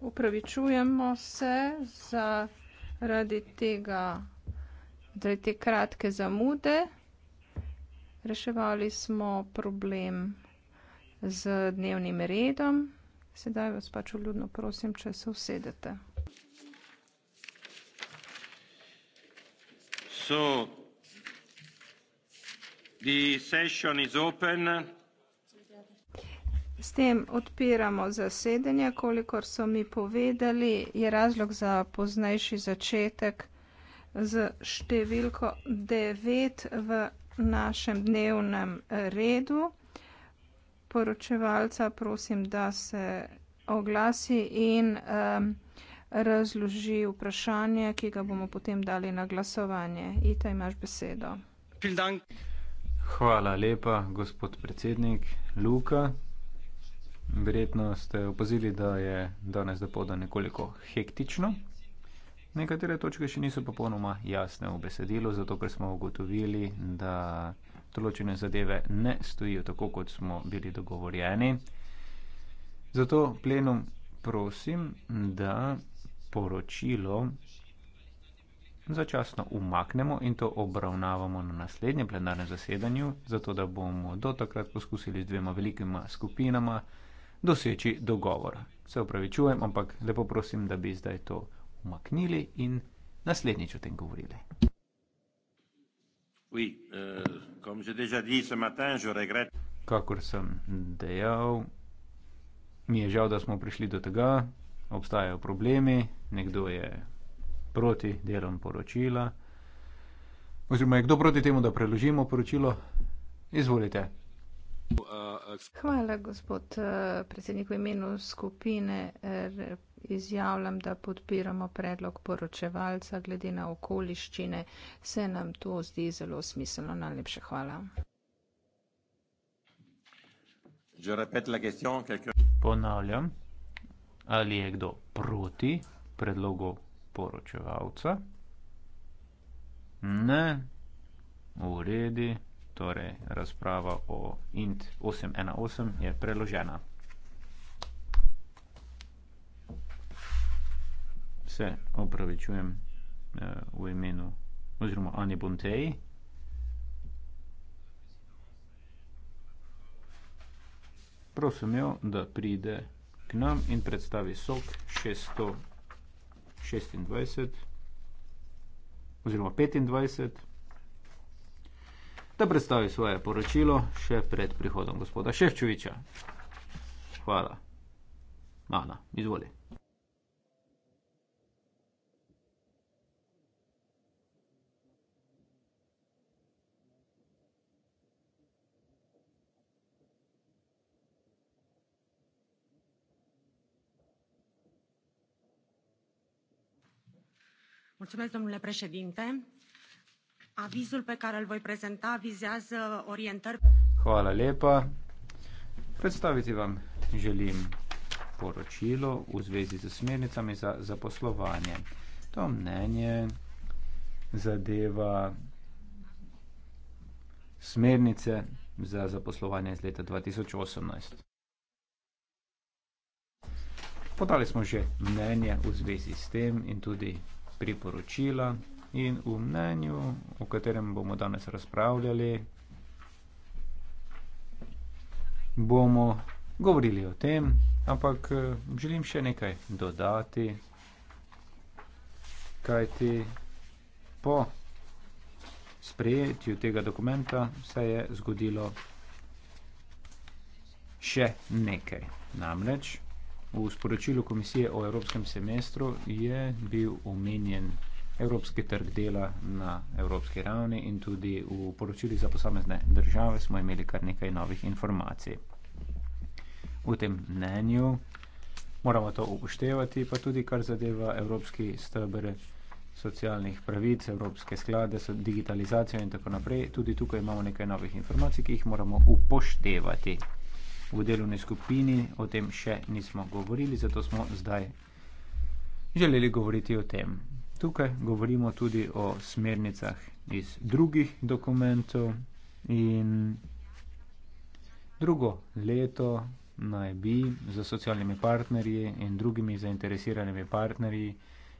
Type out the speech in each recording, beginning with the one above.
upravičujemo se zaradi tega, zaradi te kratke zamude. Reševali smo problem z dnevnim redom. Sedaj vas pač vljudno prosim, če se usedete. So, the session is open. S tem odpiramo zasedanje, kolikor so mi povedali, je razlog za poznejši začetek z številko 9 v našem dnevnem redu. Poročevalca prosim, da se oglasi in um, razloži vprašanje, ki ga bomo potem dali na glasovanje. Ita, imaš besedo. Hvala lepa, gospod predsednik Luka. Verjetno ste opazili, da je danes dopoldan nekoliko hektično. Nekatere točke še niso popolnoma jasne v besedilu, zato ker smo ugotovili, da določene zadeve ne stojijo tako, kot smo bili dogovorjeni. Zato plenum prosim, da poročilo začasno umaknemo in to obravnavamo na naslednjem plenarnem zasedanju, zato da bomo do takrat poskusili z dvema velikima skupinama doseči dogovor. Se upravičujem, ampak lepo prosim, da bi zdaj to umaknili in naslednjič o tem govorili. Oui, uh, dit, matin, regret... Kakor sem dejal, mi je žal, da smo prišli do tega, obstajajo problemi, nekdo je proti delom poročila. Oziroma, je kdo proti temu, da preložimo poročilo? Izvolite, Hvala, gospod eh, predsednik. V imenu skupine izjavljam, da podpiramo predlog poročevalca glede na okoliščine. Se nam to zdi zelo smiselno. Najlepša hvala. Ponavljam, ali je kdo proti predlogu poročevalca? Ne. Uredi torej razprava o int 8.1.8 je preložena. Se opravičujem eh, v imenu oziroma Ani Bonteji. Prosim jo, da pride k nam in predstavi sok 626 oziroma 25 da predstavi svoje poročilo še pred prihodom gospoda Ševčoviča. Hvala. Ana, izvoli. Mulțumesc, domnule președinte. Avizul pe care îl voi prezenta vizează orientări... Hvala lepa. Predstaviti vam želim poročilo v zvezi z smernicami za zaposlovanje. To mnenje zadeva smernice za zaposlovanje iz leta 2018. Podali smo že mnenje v zvezi s tem in tudi priporočila in v mnenju, o katerem bomo danes razpravljali, bomo govorili o tem, ampak eh, želim še nekaj dodati, kajti po sprejetju tega dokumenta se je zgodilo še nekaj. Namreč v sporočilu Komisije o evropskem semestru je bil omenjen evropski trg dela na evropski ravni in tudi v poročili za posamezne države smo imeli kar nekaj novih informacij. V tem mnenju moramo to upoštevati, pa tudi kar zadeva evropski stebr socialnih pravic, evropske sklade, digitalizacijo in tako naprej. Tudi tukaj imamo nekaj novih informacij, ki jih moramo upoštevati. V delovni skupini o tem še nismo govorili, zato smo zdaj želeli govoriti o tem. Tukaj govorimo tudi o smernicah iz drugih dokumentov in drugo leto naj bi za socialnimi partnerji in drugimi zainteresiranimi partnerji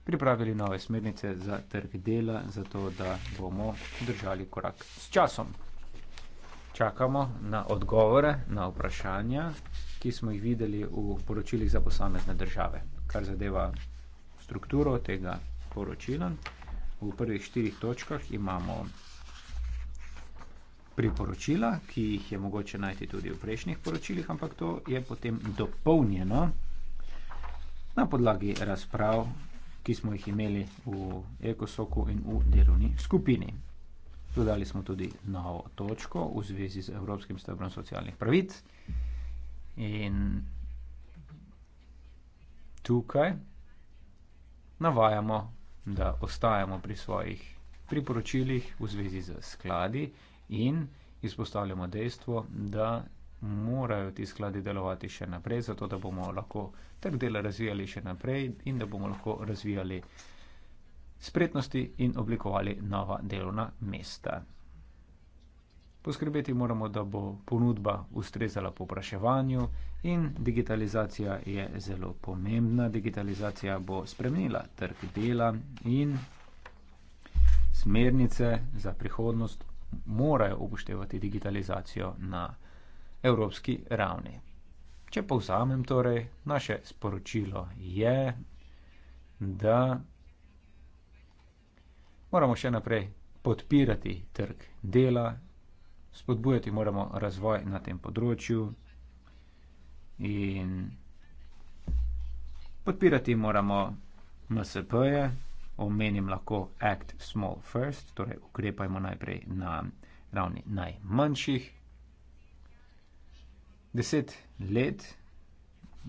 pripravili nove smernice za trg dela, zato da bomo držali korak s časom. Čakamo na odgovore, na vprašanja, ki smo jih videli v poročilih za posamezne države, kar zadeva strukturo tega priporočilom. V prvih štirih točkah imamo priporočila, ki jih je mogoče najti tudi v prejšnjih poročilih, ampak to je potem dopolnjeno na podlagi razprav, ki smo jih imeli v Ekosoku in v delovni skupini. Dodali smo tudi novo točko v zvezi z Evropskim stebrom socialnih pravic. In tukaj navajamo da ostajamo pri svojih priporočilih v zvezi z skladi in izpostavljamo dejstvo, da morajo ti skladi delovati še naprej, zato da bomo lahko trg dela razvijali še naprej in da bomo lahko razvijali spretnosti in oblikovali nova delovna mesta. Poskrbeti moramo, da bo ponudba ustrezala popraševanju in digitalizacija je zelo pomembna. Digitalizacija bo spremenila trg dela in smernice za prihodnost morajo upoštevati digitalizacijo na evropski ravni. Če povzamem torej, naše sporočilo je, da moramo še naprej podpirati trg dela spodbujati moramo razvoj na tem področju in podpirati moramo MSP-je, omenim lahko act small first, torej ukrepajmo najprej na ravni najmanjših. Deset let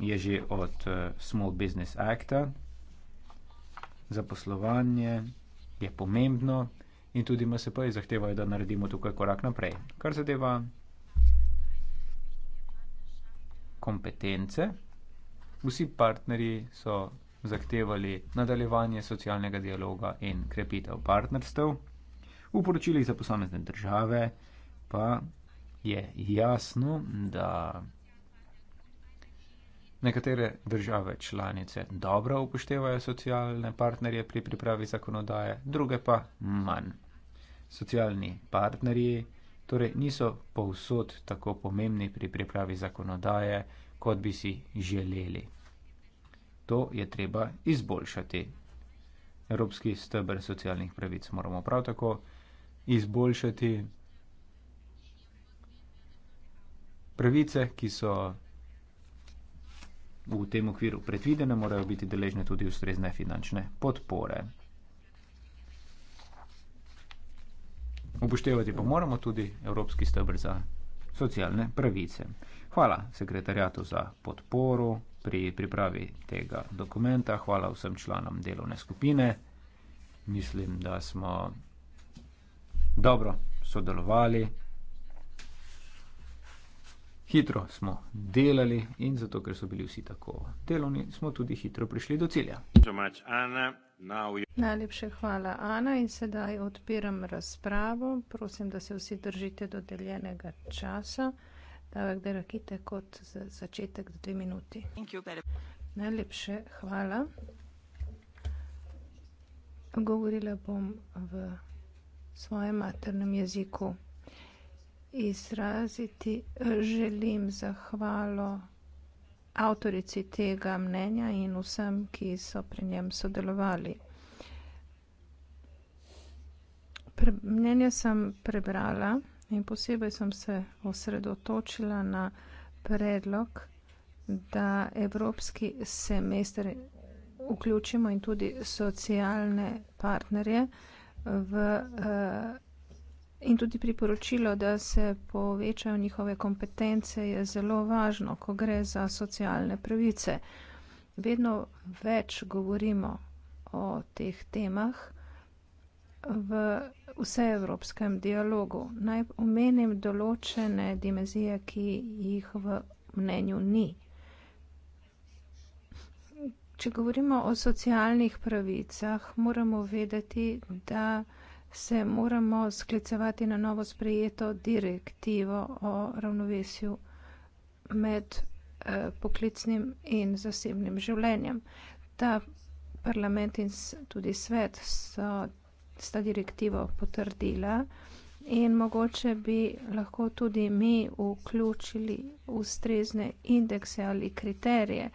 je že od eh, Small Business Acta. Zaposlovanje je pomembno, in tudi MSP zahtevajo, da naredimo tukaj korak naprej. Kar zadeva kompetence, vsi partnerji so zahtevali nadaljevanje socialnega dialoga in krepitev partnerstv, v poročilih za posamezne države pa je jasno, da Nekatere države članice dobro upoštevajo socialne partnerje pri pripravi zakonodaje, druge pa manj. Socialni partnerji torej niso povsod tako pomembni pri pripravi zakonodaje, kot bi si želeli. To je treba izboljšati. Evropski stebr socialnih pravic moramo prav tako izboljšati. Pravice, ki so v tem okviru predvidene, morajo biti deležne tudi ustrezne finančne podpore. Upoštevati pa moramo tudi Evropski stebr za socialne pravice. Hvala sekretarjatu za podporo pri pripravi tega dokumenta, hvala vsem članom delovne skupine. Mislim, da smo dobro sodelovali. Hitro smo delali in zato, ker so bili vsi tako delovni, smo tudi hitro prišli do cilja. Najlepše hvala, Ana, in sedaj odpiram razpravo. Prosim, da se vsi držite dodeljenega časa. Davek, da rakite kot za začetek dve minuti. Najlepše hvala. Govorila bom v svojem maternem jeziku izraziti želim zahvalo avtorici tega mnenja in vsem, ki so pri njem sodelovali. Pre, mnenje sem prebrala in posebej sem se osredotočila na predlog, da evropski semester vključimo in tudi socialne partnerje v uh, In tudi priporočilo, da se povečajo njihove kompetence, je zelo važno, ko gre za socialne pravice. Vedno več govorimo o teh temah v vseevropskem dialogu. Naj omenim določene dimenzije, ki jih v mnenju ni. Če govorimo o socialnih pravicah, moramo vedeti, da se moramo sklicevati na novo sprejeto direktivo o ravnovesju med eh, poklicnim in zasebnim življenjem. Ta parlament in tudi svet so, sta direktivo potrdila in mogoče bi lahko tudi mi vključili ustrezne indekse ali kriterije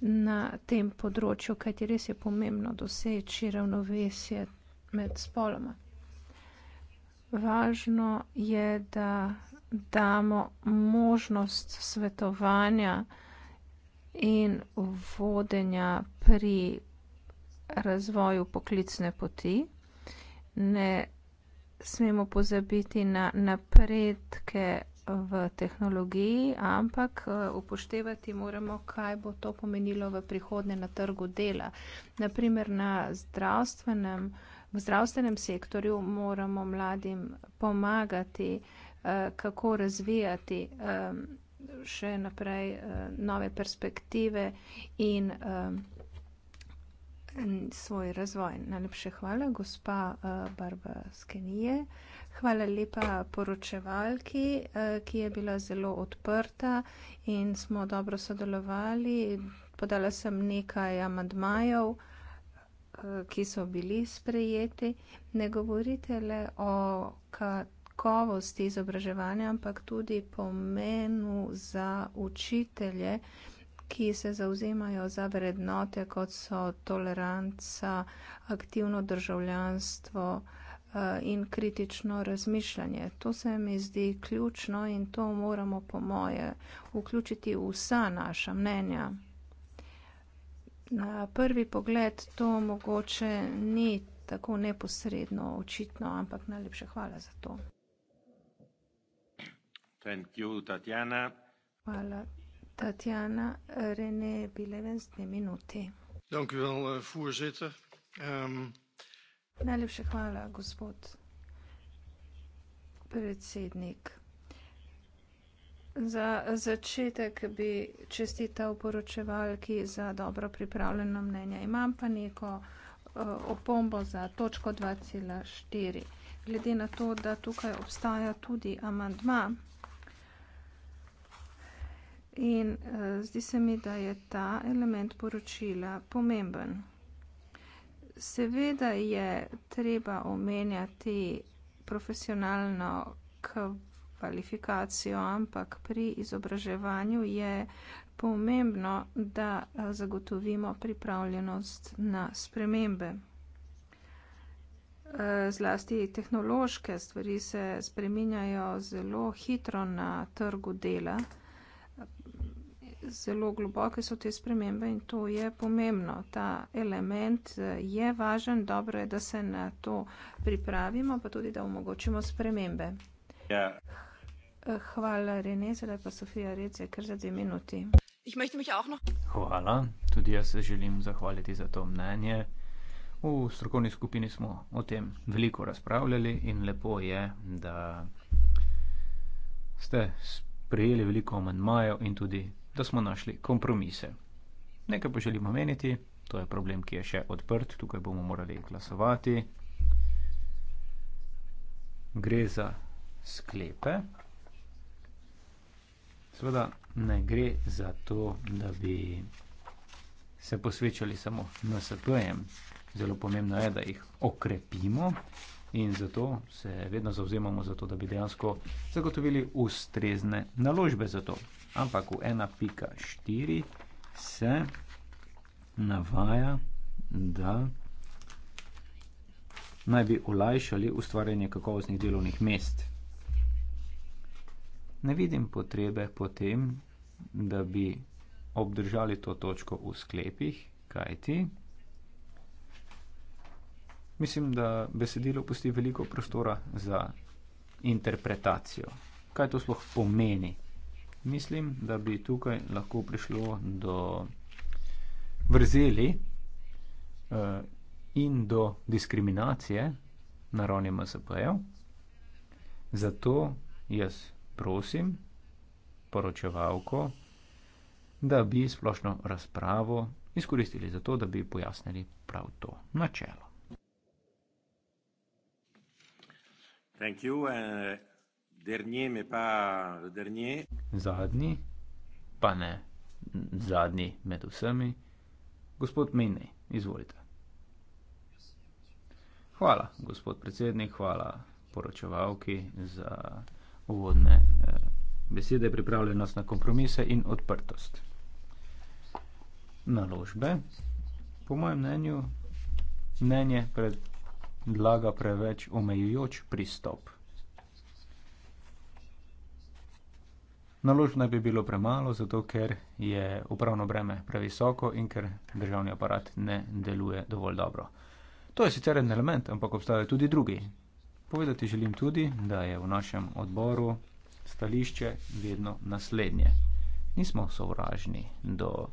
na tem področju, kajti res je pomembno doseči ravnovesje med spoloma. Važno je, da damo možnost svetovanja in vodenja pri razvoju poklicne poti. Ne smemo pozabiti na napredke v tehnologiji, ampak eh, upoštevati moramo, kaj bo to pomenilo v prihodnje na trgu dela. Naprimer na zdravstvenem področju. V zdravstvenem sektorju moramo mladim pomagati, eh, kako razvijati eh, še naprej eh, nove perspektive in svoj razvoj. Najlepše hvala, gospa Barba Skenije. Hvala lepa poročevalki, ki je bila zelo odprta in smo dobro sodelovali. Podala sem nekaj amadmajev ki so bili sprejeti. Ne govorite le o kakovosti izobraževanja, ampak tudi pomenu za učitelje, ki se zauzemajo za vrednote, kot so toleranca, aktivno državljanstvo eh, in kritično razmišljanje. To se mi zdi ključno in to moramo po moje vključiti v vsa naša mnenja na prvi pogled to mogoče ni tako neposredno očitno, ampak najlepša hvala za to. Thank you, Tatjana. Hvala, Tatjana. René Bilevens, dve minuti. Dank u wel, eh, voorzitter. Um... Najlepša hvala, gospod predsednik. Za začetek bi čestital poročevalki za dobro pripravljeno mnenje. Imam pa neko eh, opombo za točko 2,4. Glede na to, da tukaj obstaja tudi amandma in eh, zdi se mi, da je ta element poročila pomemben. Seveda je treba omenjati profesionalno kvalitetno kvalifikacijo, ampak pri izobraževanju je pomembno, da eh, zagotovimo pripravljenost na spremembe. Eh, zlasti tehnološke stvari se spreminjajo zelo hitro na trgu dela. Zelo globoke so te spremembe in to je pomembno. Ta element eh, je važen, dobro je, da se na to pripravimo, pa tudi, da omogočimo spremembe. Yeah. Ja. Hvala, Rene, zdaj pa Sofija Rece, ker za dve minuti. Hvala, tudi jaz se želim zahvaliti za to mnenje. V strokovni skupini smo o tem veliko razpravljali in lepo je, da ste sprejeli veliko manjmajo in tudi, da smo našli kompromise. Nekaj pa želim omeniti, to je problem, ki je še odprt, tukaj bomo morali glasovati. Gre za sklepe seveda ne gre za to, da bi se posvečali samo NSP-jem. Zelo pomembno je, da jih okrepimo in zato se vedno zauzemamo za to, da bi dejansko zagotovili ustrezne naložbe za to. Ampak v 1.4 se navaja, da naj bi olajšali ustvarjanje kakovostnih delovnih mest ne vidim potrebe potem, da bi obdržali to točko v sklepih, kajti mislim, da besedilo pusti veliko prostora za interpretacijo. Kaj to sploh pomeni? Mislim, da bi tukaj lahko prišlo do vrzeli uh, in do diskriminacije na ravni MSP-jev. Zato jaz prosim poročevalko, da bi splošno razpravo izkoristili za to, da bi pojasnili prav to načelo. Eh, zadnji, pa ne zadnji med vsemi, gospod Mene, izvolite. Hvala, gospod predsednik, hvala poročevalki za uvodne eh, besede, pripravljenost na kompromise in odprtost. Naložbe, po mojem mnenju, mnenje predlaga preveč omejujoč pristop. Naložb naj bi bilo premalo, zato ker je upravno breme previsoko in ker državni aparat ne deluje dovolj dobro. To je sicer en element, ampak obstajajo tudi drugi, Povedati želim tudi, da je v našem odboru stališče vedno naslednje. Nismo sovražni do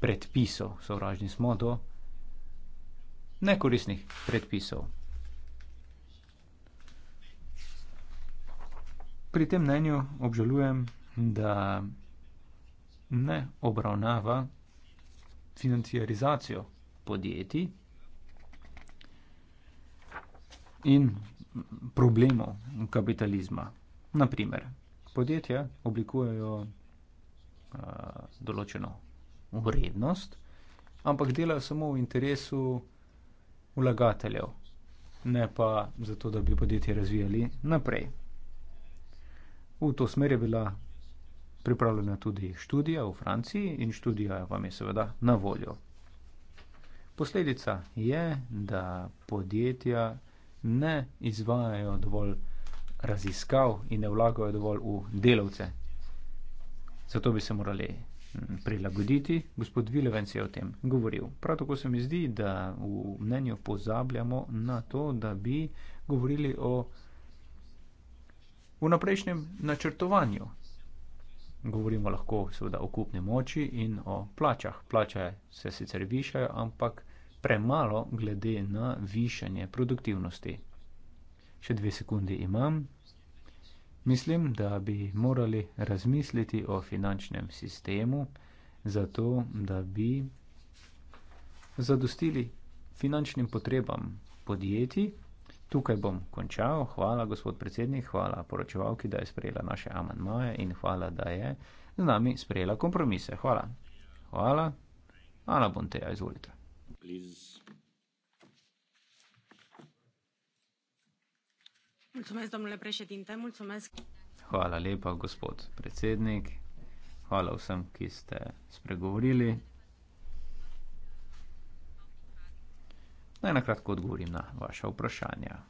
predpisov, sovražni smo do nekoristnih predpisov. Pri tem mnenju obžalujem, da ne obravnava financiarizacijo podjetij in problemov kapitalizma. Naprimer, podjetja oblikujejo uh, določeno vrednost, ampak delajo samo v interesu vlagateljev, ne pa zato, da bi podjetje razvijali naprej. V to smer je bila pripravljena tudi študija v Franciji in študija vam je seveda na voljo. Posledica je, da podjetja ne izvajajo dovolj raziskav in ne vlagajo dovolj v delavce. Zato bi se morali mm, prilagoditi. Gospod Vilevenc je o tem govoril. Prav tako se mi zdi, da v mnenju pozabljamo na to, da bi govorili o vnaprejšnjem načrtovanju. Govorimo lahko seveda o kupni moči in o plačah. Plače se sicer višajo, ampak premalo glede na višanje produktivnosti. Še dve sekundi imam. Mislim, da bi morali razmisliti o finančnem sistemu, zato da bi zadostili finančnim potrebam podjetij. Tukaj bom končal. Hvala, gospod predsednik, hvala poročevalki, da je sprejela naše amantmaje in hvala, da je z nami sprejela kompromise. Hvala. Hvala. Hvala, Bonteja, izvolite. Hvala lepa, gospod predsednik. Hvala vsem, ki ste spregovorili. Naj na kratko odgovorim na vaša vprašanja.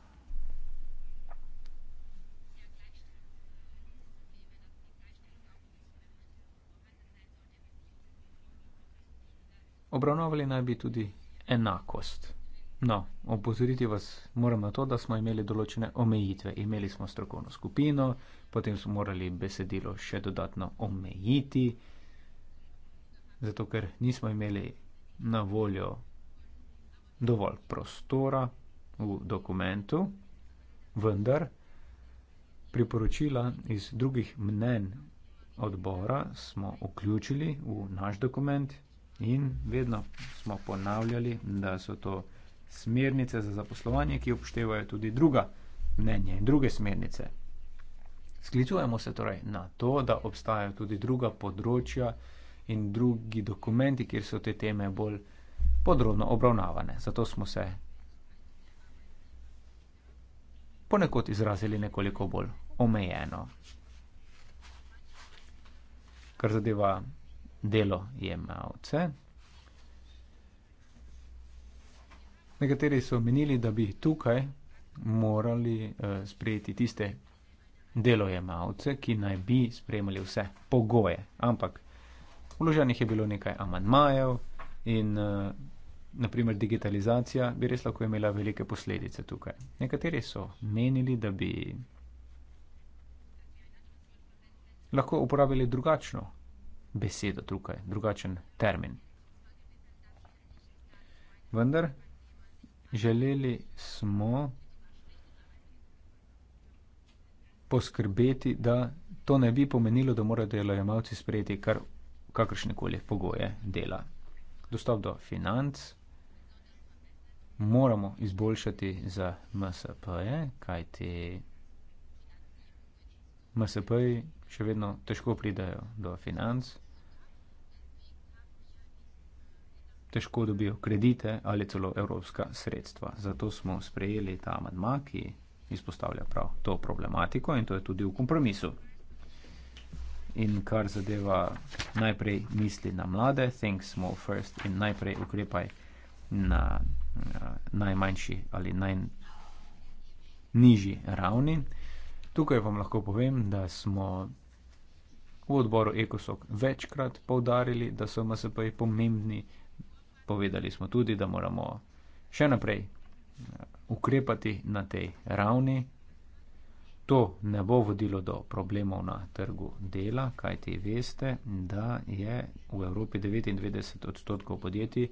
Obravnavali naj bi tudi enakost. No, opozoriti vas moram na to, da smo imeli določene omejitve. Imeli smo strokovno skupino, potem smo morali besedilo še dodatno omejiti, zato ker nismo imeli na voljo dovolj prostora v dokumentu, vendar priporočila iz drugih mnen odbora smo vključili v naš dokument In vedno smo ponavljali, da so to smernice za zaposlovanje, ki upoštevajo tudi druga mnenja in druge smernice. Sklicujemo se torej na to, da obstajajo tudi druga področja in drugi dokumenti, kjer so te teme bolj podrobno obravnavane. Zato smo se ponekod izrazili nekoliko bolj omejeno. Kar zadeva delojemalce. Nekateri so menili, da bi tukaj morali eh, sprejeti tiste delojemalce, ki naj bi sprejemali vse pogoje. Ampak vloženih je bilo nekaj amantmajev in eh, naprimer digitalizacija bi res lahko imela velike posledice tukaj. Nekateri so menili, da bi lahko uporabili drugačno besedo tukaj, drugačen termin. Vendar želeli smo poskrbeti, da to ne bi pomenilo, da morajo delojemalci sprejeti kar kakršnekoli pogoje dela. Dostop do financ moramo izboljšati za MSP-je, kaj ti MSP-ji še vedno težko pridajo do financ. težko dobijo kredite ali celo evropska sredstva. Zato smo sprejeli ta amadma, ki izpostavlja prav to problematiko in to je tudi v kompromisu. In kar zadeva najprej misli na mlade, think small first in najprej ukrepaj na, na najmanjši ali najnižji ravni. Tukaj vam lahko povem, da smo v odboru Ecosoc večkrat povdarili, da so MSP pomembni Povedali smo tudi, da moramo še naprej eh, ukrepati na tej ravni. To ne bo vodilo do problemov na trgu dela, kajti veste, da je v Evropi 99 odstotkov podjetij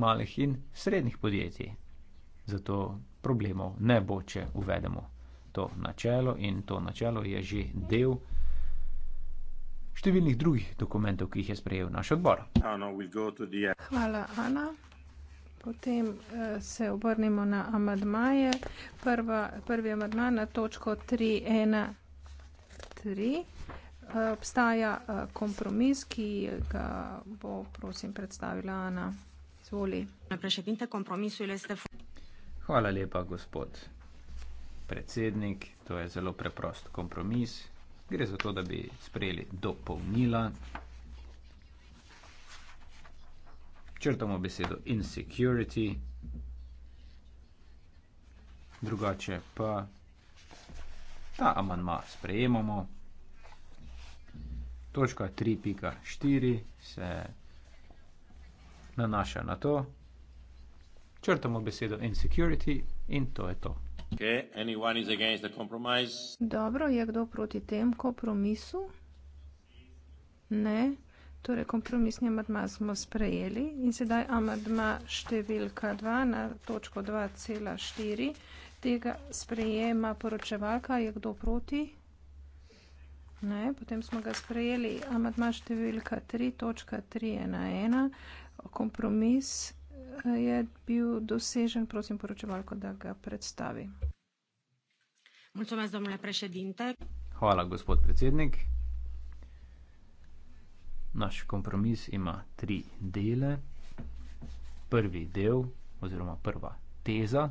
malih in srednjih podjetij. Zato problemov ne bo, če uvedemo to načelo in to načelo je že del številnih drugih dokumentov, ki jih je sprejel naš odbor. Ana, we'll the... Hvala, Ana. Potem eh, se obrnimo na amadmaje. Prva, prvi amadma na točko 3.1.3. Eh, obstaja eh, kompromis, ki ga bo, prosim, predstavila Ana. Izvoli. Hvala lepa, gospod predsednik. To je zelo preprost kompromis. Gre za to, da bi sprejeli dopolnila. Črtamo besedo insecurity, drugače pa ta amanma sprejemamo. Točka 3.4 se nanaša na to. Črtamo besedo insecurity in to je to. Dobro, je kdo proti tem kompromisu? Ne. Torej, kompromisni amadma smo sprejeli in sedaj amadma številka 2 na točko 2,4 tega sprejema poročevalka, je kdo proti? Ne, potem smo ga sprejeli amadma številka 3, točka 3.1.1, kompromis je bil dosežen, prosim poročevalko, da ga predstavi. Hvala, gospod predsednik. Naš kompromis ima tri dele. Prvi del, oziroma prva teza,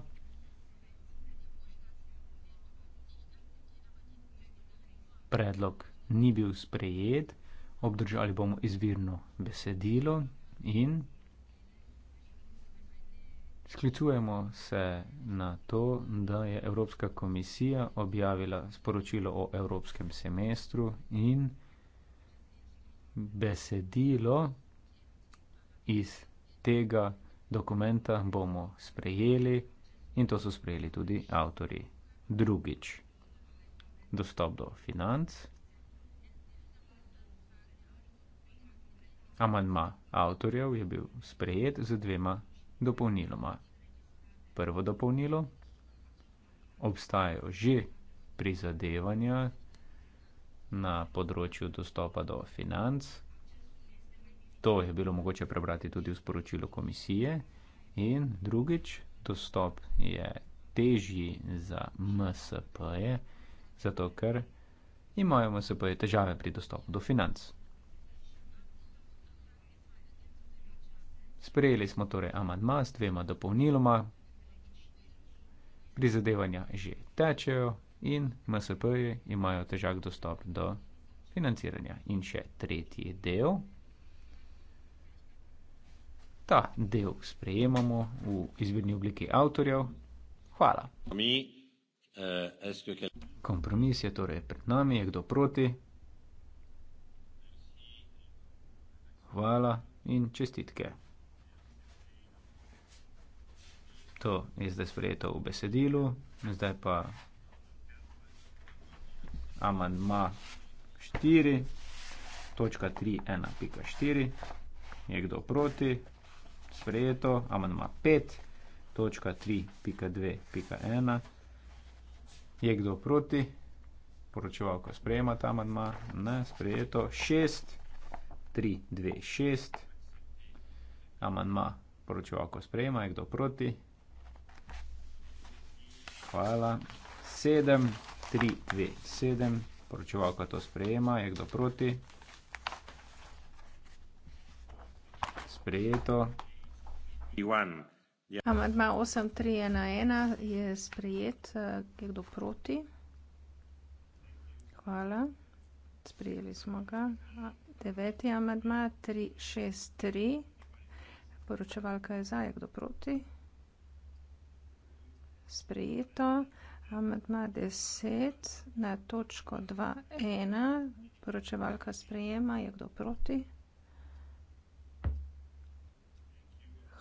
predlog ni bil sprejet, obdržali bomo izvirno besedilo in Sklicujemo se na to, da je Evropska komisija objavila sporočilo o evropskem semestru in besedilo iz tega dokumenta bomo sprejeli in to so sprejeli tudi avtori. Drugič, dostop do financ, amandma avtorjev je bil sprejet z dvema dopolniloma. Prvo dopolnilo. Obstajajo že prizadevanja na področju dostopa do financ. To je bilo mogoče prebrati tudi v sporočilu komisije. In drugič, dostop je težji za MSP-je, zato ker imajo MSP-je težave pri dostopu do financ. Sprejeli smo torej amadma s dvema dopolniloma, prizadevanja že tečejo in MSP-ji imajo težak dostop do financiranja. In še tretji del. Ta del sprejemamo v izvirni obliki avtorjev. Hvala. Eh, Kompromis je torej pred nami, je kdo proti. Hvala in čestitke. To je zdaj sprejeto v besedilu, zdaj pa amandma 4, točka 3, 1, pika 4, je kdo proti, sprejeto, amandma 5, točka 3, pika 2, pika 1, je kdo proti, poročevalka sprejema ta amandma, ne, sprejeto, 6, 3, 2, 6, amandma poročevalka sprejema, je kdo proti, Hvala. 7, 3, 2, 7. Poročevalka to sprejema. Je kdo proti? Sprejeto. Amadma 8, 3, 1, 1 je sprejet. Je kdo proti? Hvala. Sprijeli smo ga. 9. amadma 3, 6, 3. Poročevalka je za, je kdo proti? sprejeto. Amadma 10 na točko 2.1. Poročevalka sprejema. Je kdo proti?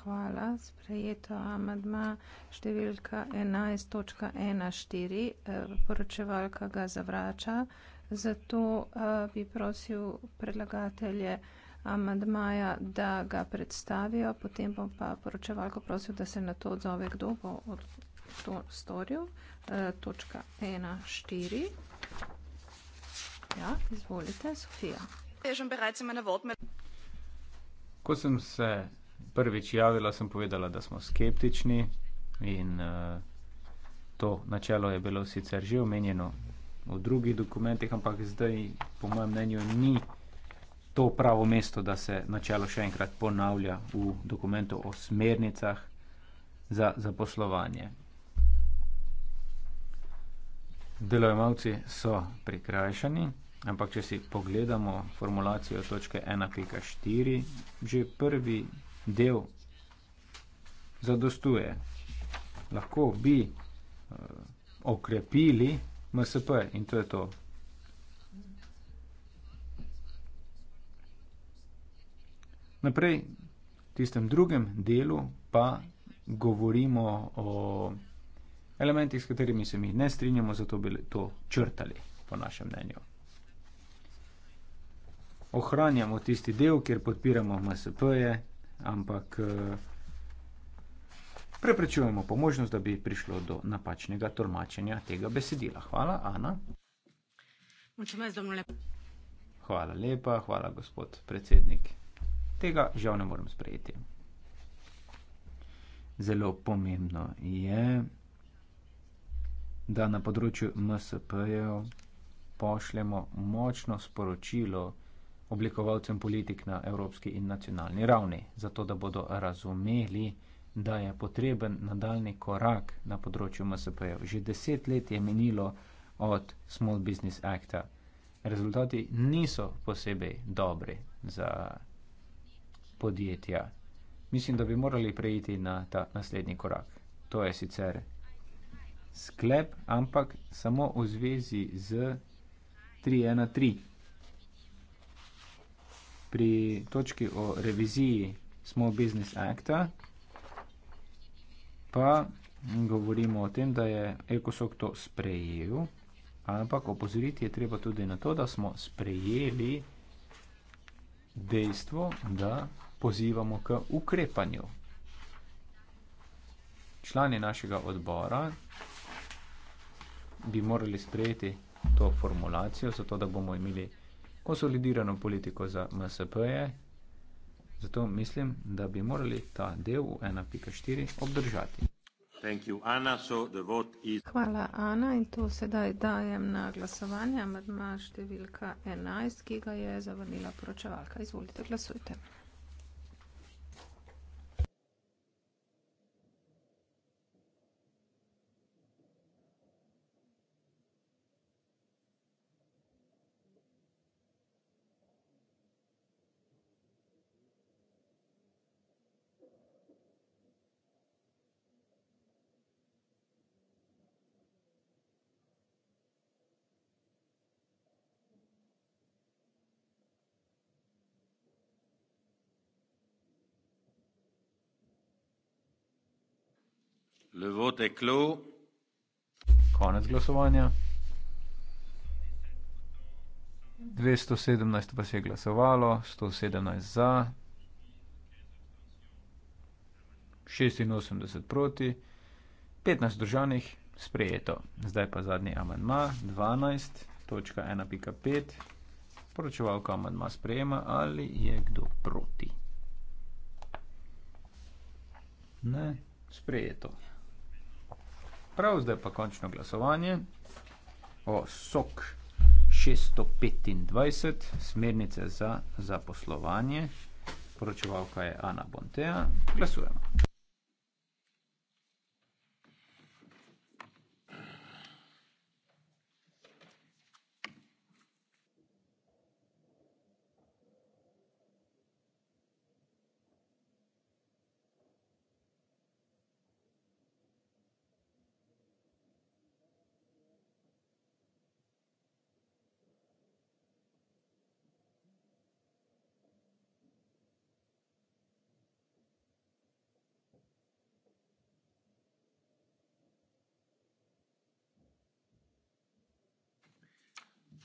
Hvala. Sprejeto amadma številka 11.1.4. Poročevalka ga zavrača. Zato eh, bi prosil predlagatelje amadmaja, da ga predstavijo. Potem bom pa poročevalko prosil, da se na to odzove, kdo bo odgovoril to storil. Uh, točka 1, 4. Ja, izvolite, Sofija. Ko sem se prvič javila, sem povedala, da smo skeptični in uh, to načelo je bilo sicer že omenjeno v drugih dokumentih, ampak zdaj, po mojem mnenju, ni to pravo mesto, da se načelo še enkrat ponavlja v dokumentu o smernicah za zaposlovanje. Delojemalci so prikrajšani, ampak če si pogledamo formulacijo točke 1.4, že prvi del zadostuje. Lahko bi uh, okrepili MSP in to je to. Naprej, v tistem drugem delu pa govorimo o elementi, s katerimi se mi ne strinjamo, zato bi to črtali, po našem mnenju. Ohranjamo tisti del, kjer podpiramo MSP-je, ampak eh, preprečujemo pomožnost, da bi prišlo do napačnega tormačenja tega besedila. Hvala, Ana. Hvala lepa, hvala gospod predsednik. Tega žal ne morem sprejeti. Zelo pomembno je. Yeah da na področju MSP-jev pošljemo močno sporočilo oblikovalcem politik na evropski in nacionalni ravni, zato da bodo razumeli, da je potreben nadaljni korak na področju MSP-jev. Že deset let je minilo od Small Business Acta. Rezultati niso posebej dobri za podjetja. Mislim, da bi morali prejiti na ta naslednji korak. To je sicer sklep, ampak samo v zvezi z 3.1.3. Pri točki o reviziji Small Business Acta pa govorimo o tem, da je Ecosoc to sprejel, ampak opozoriti je treba tudi na to, da smo sprejeli dejstvo, da pozivamo k ukrepanju. Člani našega odbora bi morali sprejeti to formulacijo, zato da bomo imeli konsolidirano politiko za MSP-je. Zato mislim, da bi morali ta del v 1.4 obdržati. Ana, so is... Hvala, Ana, in to sedaj dajem na glasovanje med številka 11, ki ga je zavrnila poročevalka. Izvolite, glasujte. Le vote est clos. Konec glasovanja. 217 pa se je glasovalo, 117 za, 86 proti, 15 državnih sprejeto. Zdaj pa zadnji amandma, 12.1.5. Poročevalka amandma sprejema ali je kdo proti. Ne, sprejeto. Prav, zdaj pa končno glasovanje. O, SOK 625, smernice za zaposlovanje. Poročevalka je Ana Bontea. Glasujemo.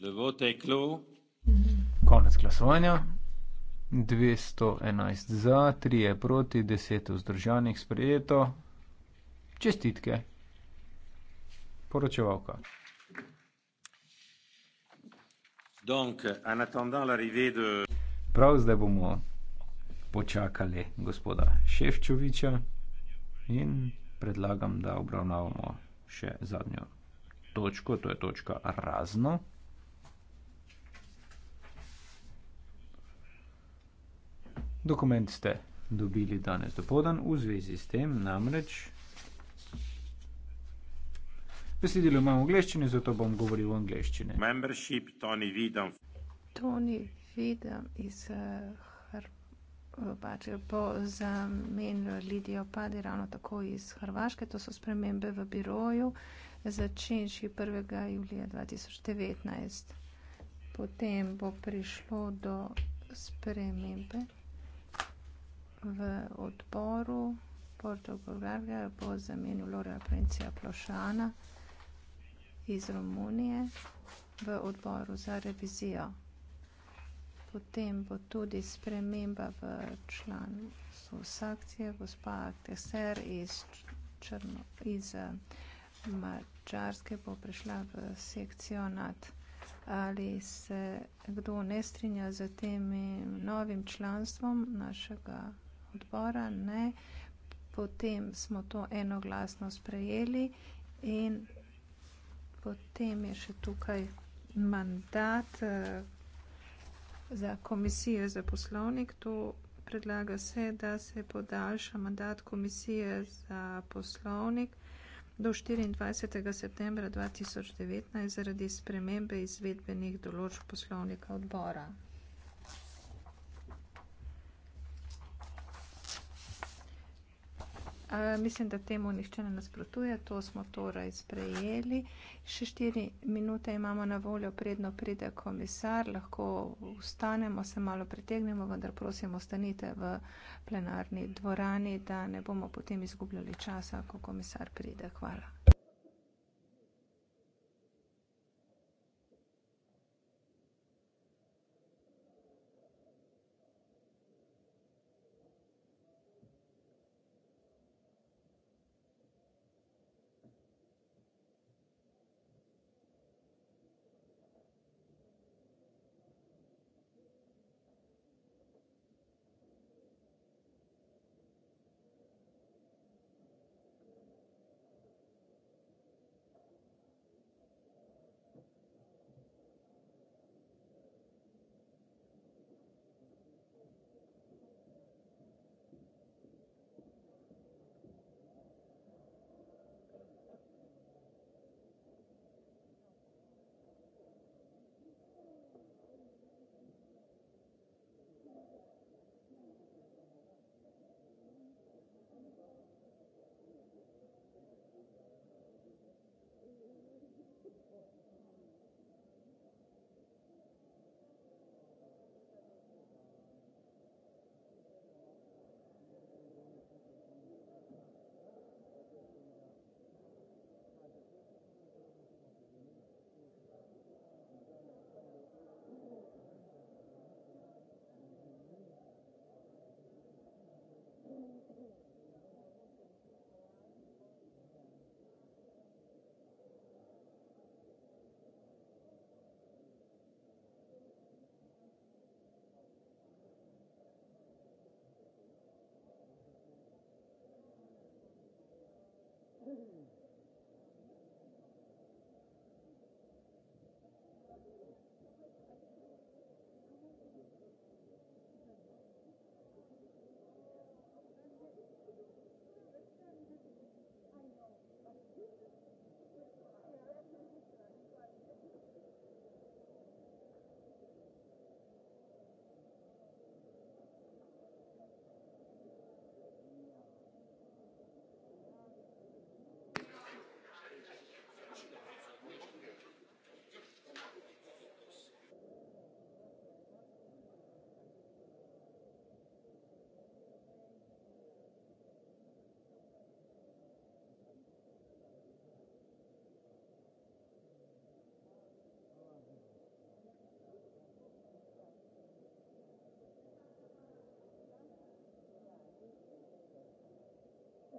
Mhm. Konec glasovanja. 211 za, 3 je proti, 10 vzdržanih, sprejeto. Čestitke. Poročevalka. Donc, en attendant l'arrivée de. Prav zdaj bomo počakali gospoda Ševčoviča in predlagam, da obravnavamo še zadnjo točko, to je točka razno. Dokument ste dobili danes dopoldan v zvezi s tem, namreč besedilo imam v angleščini, zato bom govoril v angleščini. Membership Tony Vidam. Tony Vidam iz uh, eh, Hrvatske, pač bo zamenjal Lidijo Padi ravno tako iz Hrvaške, to so spremembe v biroju, začenši 1. julija 2019. Potem bo prišlo do spremembe v odboru Portugalskega bo zamenil Lorija Princija Plošana iz Romunije v odboru za revizijo. Potem bo tudi sprememba v članstvu sankcije gospa Teser iz, črno, iz Mačarske bo prišla v sekcijo nad ali se kdo ne strinja z tem novim članstvom našega odbora, ne. Potem smo to enoglasno sprejeli in potem je še tukaj mandat eh, za komisijo za poslovnik. Tu predlaga se, da se podaljša mandat komisije za poslovnik do 24. septembra 2019 zaradi spremembe izvedbenih določb poslovnika odbora. mislim, da temu nišče ne nasprotuje, to smo torej sprejeli. Še štiri minute imamo na voljo, predno pride komisar, lahko ustanemo, se malo pretegnemo, vendar prosim, ostanite v plenarni dvorani, da ne bomo potem izgubljali časa, ko komisar pride. Hvala.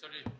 Salut.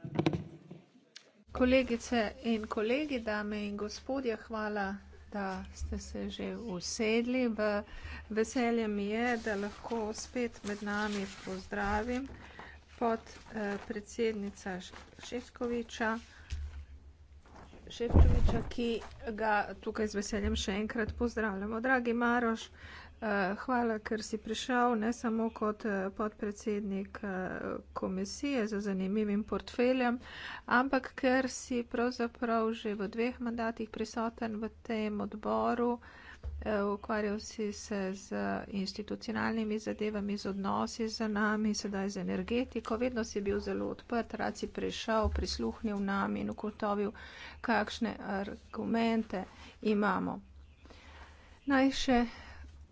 Kolegice in kolegi, dame in gospodje, hvala, da ste se že usedli. V veselje mi je, da lahko spet med nami pozdravim pod eh, predsednica Šefkoviča. Ševčoviča, ki ga tukaj z veseljem še enkrat pozdravljamo. Dragi Maroš, Eh, hvala, ker si prišel ne samo kot eh, podpredsednik eh, komisije za zanimivim portfeljem, ampak ker si pravzaprav že v dveh mandatih prisoten v tem odboru. Ukvarjal si se z institucionalnimi zadevami, z odnosi z nami, sedaj z energetiko. Vedno si bil zelo odprt, rad si prišel, prisluhnil nam in ukotovil, kakšne argumente imamo. Naj še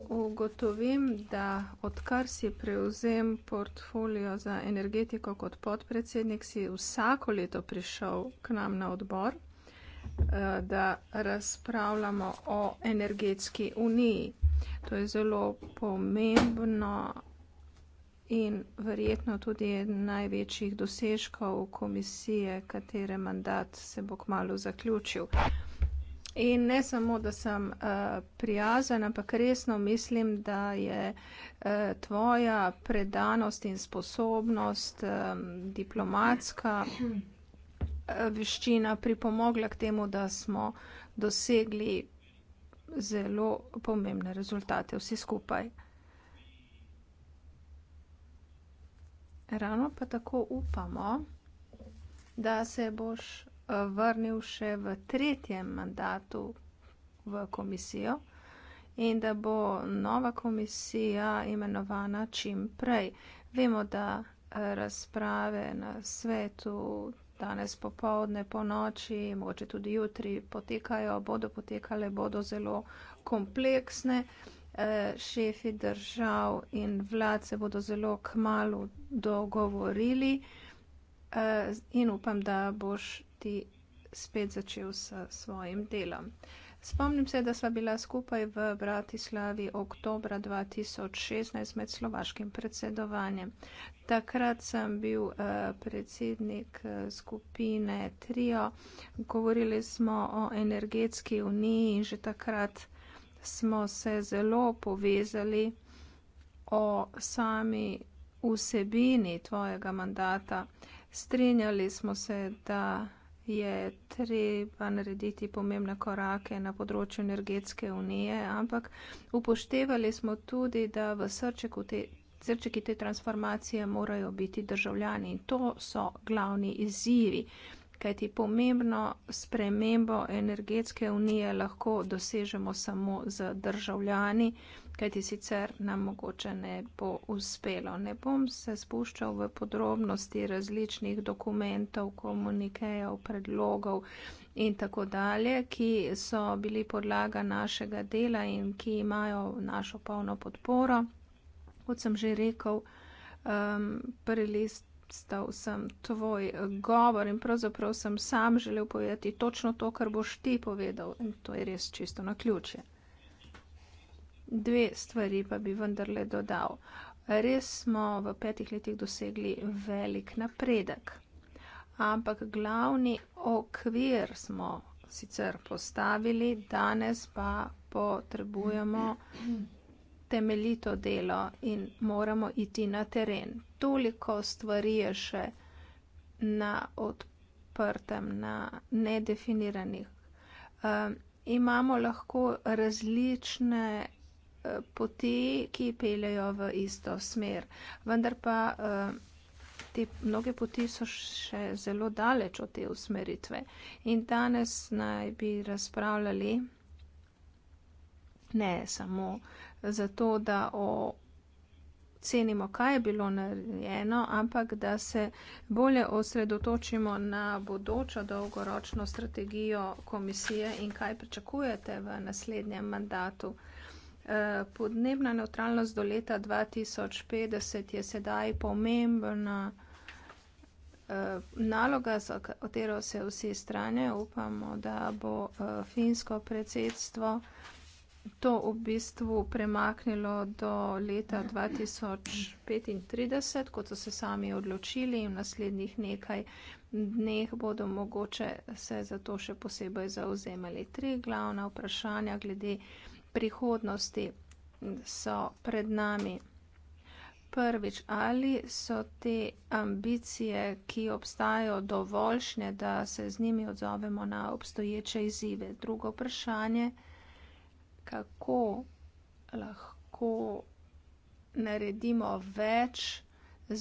Ugotovim, da odkar si prevzem portfolio za energetiko kot podpredsednik, si vsako leto prišel k nam na odbor, eh, da razpravljamo o energetski uniji. To je zelo pomembno in verjetno tudi največjih dosežkov komisije, katere mandat se bo kmalu zaključil. In ne samo, da sem uh, prijazen, ampak resno mislim, da je uh, tvoja predanost in sposobnost um, diplomatska uh, veščina pripomogla k temu, da smo dosegli zelo pomembne rezultate vsi skupaj. Ravno pa tako upamo, da se boš. Uh, vrnil še v tretjem mandatu v komisijo in da bo nova komisija imenovana čim prej. Vemo, da eh, razprave na svetu danes popovdne, po noči, mogoče tudi jutri potekajo, bodo potekale, bodo zelo kompleksne. Eh, šefi držav in vlad se bodo zelo kmalo dogovorili eh, in upam, da boš ti spet začel s svojim delom. Spomnim se, da sva bila skupaj v Bratislavi oktobra 2016 med slovaškim predsedovanjem. Takrat sem bil eh, predsednik eh, skupine Trio, govorili smo o energetski uniji in že takrat smo se zelo povezali o sami vsebini tvojega mandata. Strinjali smo se, da je treba narediti pomembne korake na področju energetske unije, ampak upoštevali smo tudi, da v srčeku te. Srčeki te transformacije morajo biti državljani in to so glavni izzivi kajti pomembno spremembo energetske unije lahko dosežemo samo z državljani, kajti sicer nam mogoče ne bo uspelo. Ne bom se spuščal v podrobnosti različnih dokumentov, komunikejev, predlogov in tako dalje, ki so bili podlaga našega dela in ki imajo našo polno podporo. Kot sem že rekel, um, prelist stal sem tvoj govor in pravzaprav sem sam želel povedati točno to, kar boš ti povedal. In to je res čisto na ključe. Dve stvari pa bi vendarle dodal. Res smo v petih letih dosegli velik napredek, ampak glavni okvir smo sicer postavili, danes pa potrebujemo temeljito delo in moramo iti na teren. Toliko stvari je še na odprtem, na nedefiniranih. Um, imamo lahko različne uh, poti, ki peljajo v isto smer, vendar pa uh, te mnoge poti so še zelo daleč od te usmeritve. In danes naj bi razpravljali ne samo uh, zato, da ocenimo, kaj je bilo narejeno, ampak da se bolje osredotočimo na bodočo dolgoročno strategijo komisije in kaj pričakujete v naslednjem mandatu. Eh, podnebna neutralnost do leta 2050 je sedaj pomembna eh, naloga, za katero se vsi stranje upamo, da bo eh, finsko predsedstvo to v bistvu premaknilo do leta 2035, kot so se sami odločili in v naslednjih nekaj dneh bodo mogoče se za to še posebej zauzemali. Tri glavna vprašanja glede prihodnosti so pred nami. Prvič, ali so te ambicije, ki obstajajo, dovoljšne, da se z njimi odzovemo na obstoječe izzive? Drugo vprašanje je, kako lahko naredimo več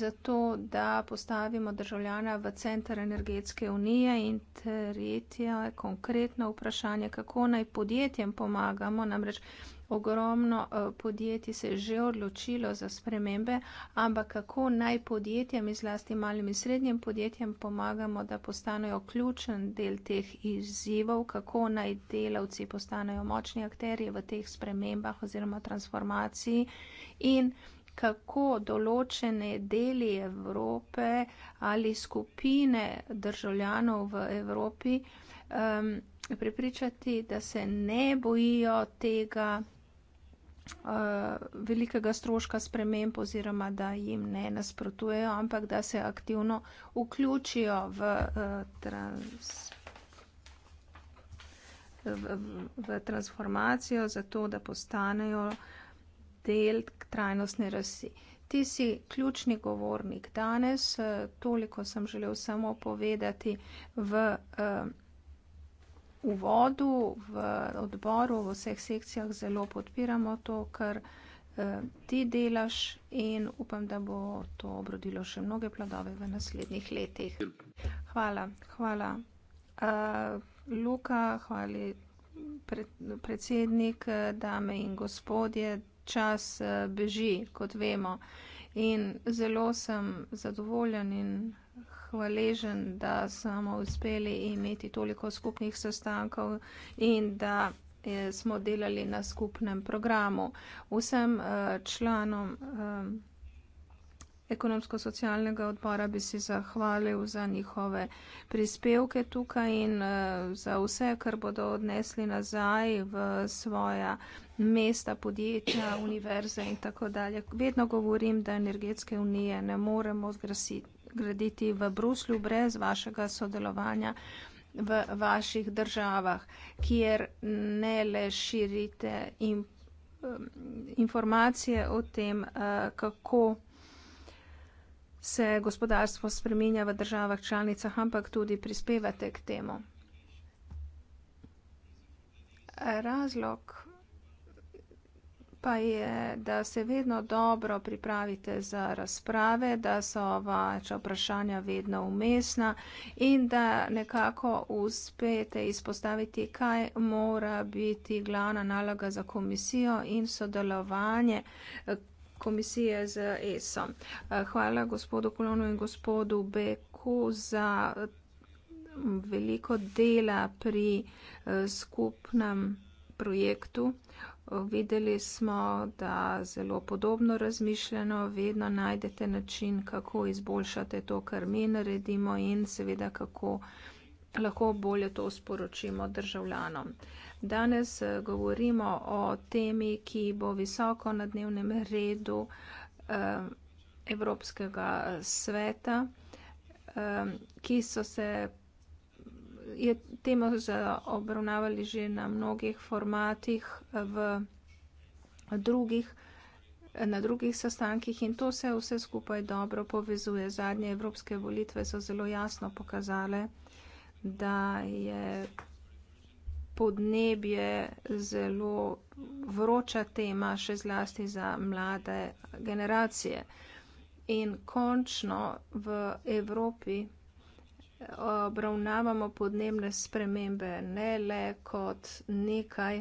za to, da postavimo državljana v center energetske unije in tretje konkretno vprašanje, kako naj podjetjem pomagamo, namreč Ogromno eh, podjetij se je že odločilo za spremembe, ampak kako naj podjetjem, izlasti malim in srednjim podjetjem, pomagamo, da postanejo ključen del teh izzivov, kako naj delavci postanejo močni akteri v teh spremembah oziroma transformaciji in kako določene deli Evrope ali skupine državljanov v Evropi um, ehm, pripričati, da se ne bojijo tega Eh, velikega stroška sprememb oziroma da jim ne nasprotujejo, ampak da se aktivno vključijo v, eh, trans, v, v transformacijo za to, da postanejo del trajnostne rasi. Ti si ključni govornik danes, eh, toliko sem želel samo povedati v, v uvodu v odboru, v vseh sekcijah zelo podpiramo to, kar eh, ti delaš in upam, da bo to obrodilo še mnoge plodove v naslednjih letih. Hvala, hvala. Uh, Luka, hvala pred, predsednik, dame in gospodje, čas eh, beži, kot vemo. In zelo sem zadovoljen in hvaležen, da smo uspeli imeti toliko skupnih sestankov in da eh, smo delali na skupnem programu. Vsem eh, članom eh, ekonomsko-socialnega odbora bi si zahvalil za njihove prispevke tukaj in za vse, kar bodo odnesli nazaj v svoja mesta, podjetja, univerze in tako dalje. Vedno govorim, da energetske unije ne moremo zgrasiti graditi v Bruslju brez vašega sodelovanja v vaših državah, kjer ne le širite in, um, informacije o tem, uh, kako se gospodarstvo spreminja v državah članicah, ampak tudi prispevate k temu. Razlog pa je, da se vedno dobro pripravite za razprave, da so vaša vprašanja vedno umestna in da nekako uspete izpostaviti, kaj mora biti glavna naloga za komisijo in sodelovanje eh, komisije z ESO. Eh, hvala gospodu Kolonu in gospodu Beku za mm, veliko dela pri eh, skupnem projektu. Videli smo, da zelo podobno razmišljeno vedno najdete način, kako izboljšate to, kar mi naredimo in seveda kako lahko bolje to sporočimo državljanom. Danes eh, govorimo o temi, ki bo visoko na dnevnem redu eh, Evropskega sveta, eh, ki so se je temo obravnavali že na mnogih formatih, v drugih, na drugih sestankih in to se vse skupaj dobro povezuje. Zadnje evropske volitve so zelo jasno pokazale, da je podnebje zelo vroča tema, še zlasti za mlade generacije. In končno v Evropi obravnavamo podnebne spremembe ne le kot nekaj,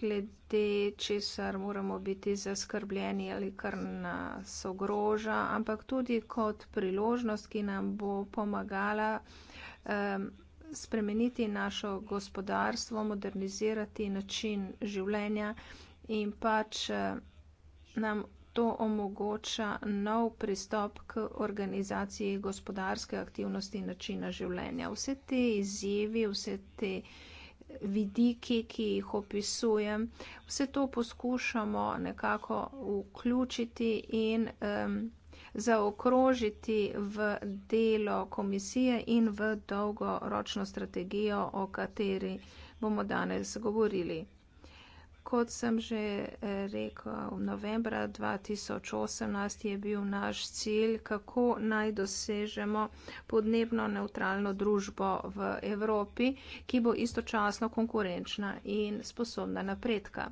glede česar moramo biti zaskrbljeni ali kar nas ogroža, ampak tudi kot priložnost, ki nam bo pomagala um, spremeniti našo gospodarstvo, modernizirati način življenja in pač nam To omogoča nov pristop k organizaciji gospodarske aktivnosti in načina življenja. Vse te izzivi, vse te vidiki, ki jih opisujem, vse to poskušamo nekako vključiti in um, zaokrožiti v delo komisije in v dolgoročno strategijo, o kateri bomo danes govorili kot sem že eh, rekel, novembra 2018 je bil naš cilj, kako naj dosežemo podnebno neutralno družbo v Evropi, ki bo istočasno konkurenčna in sposobna napredka.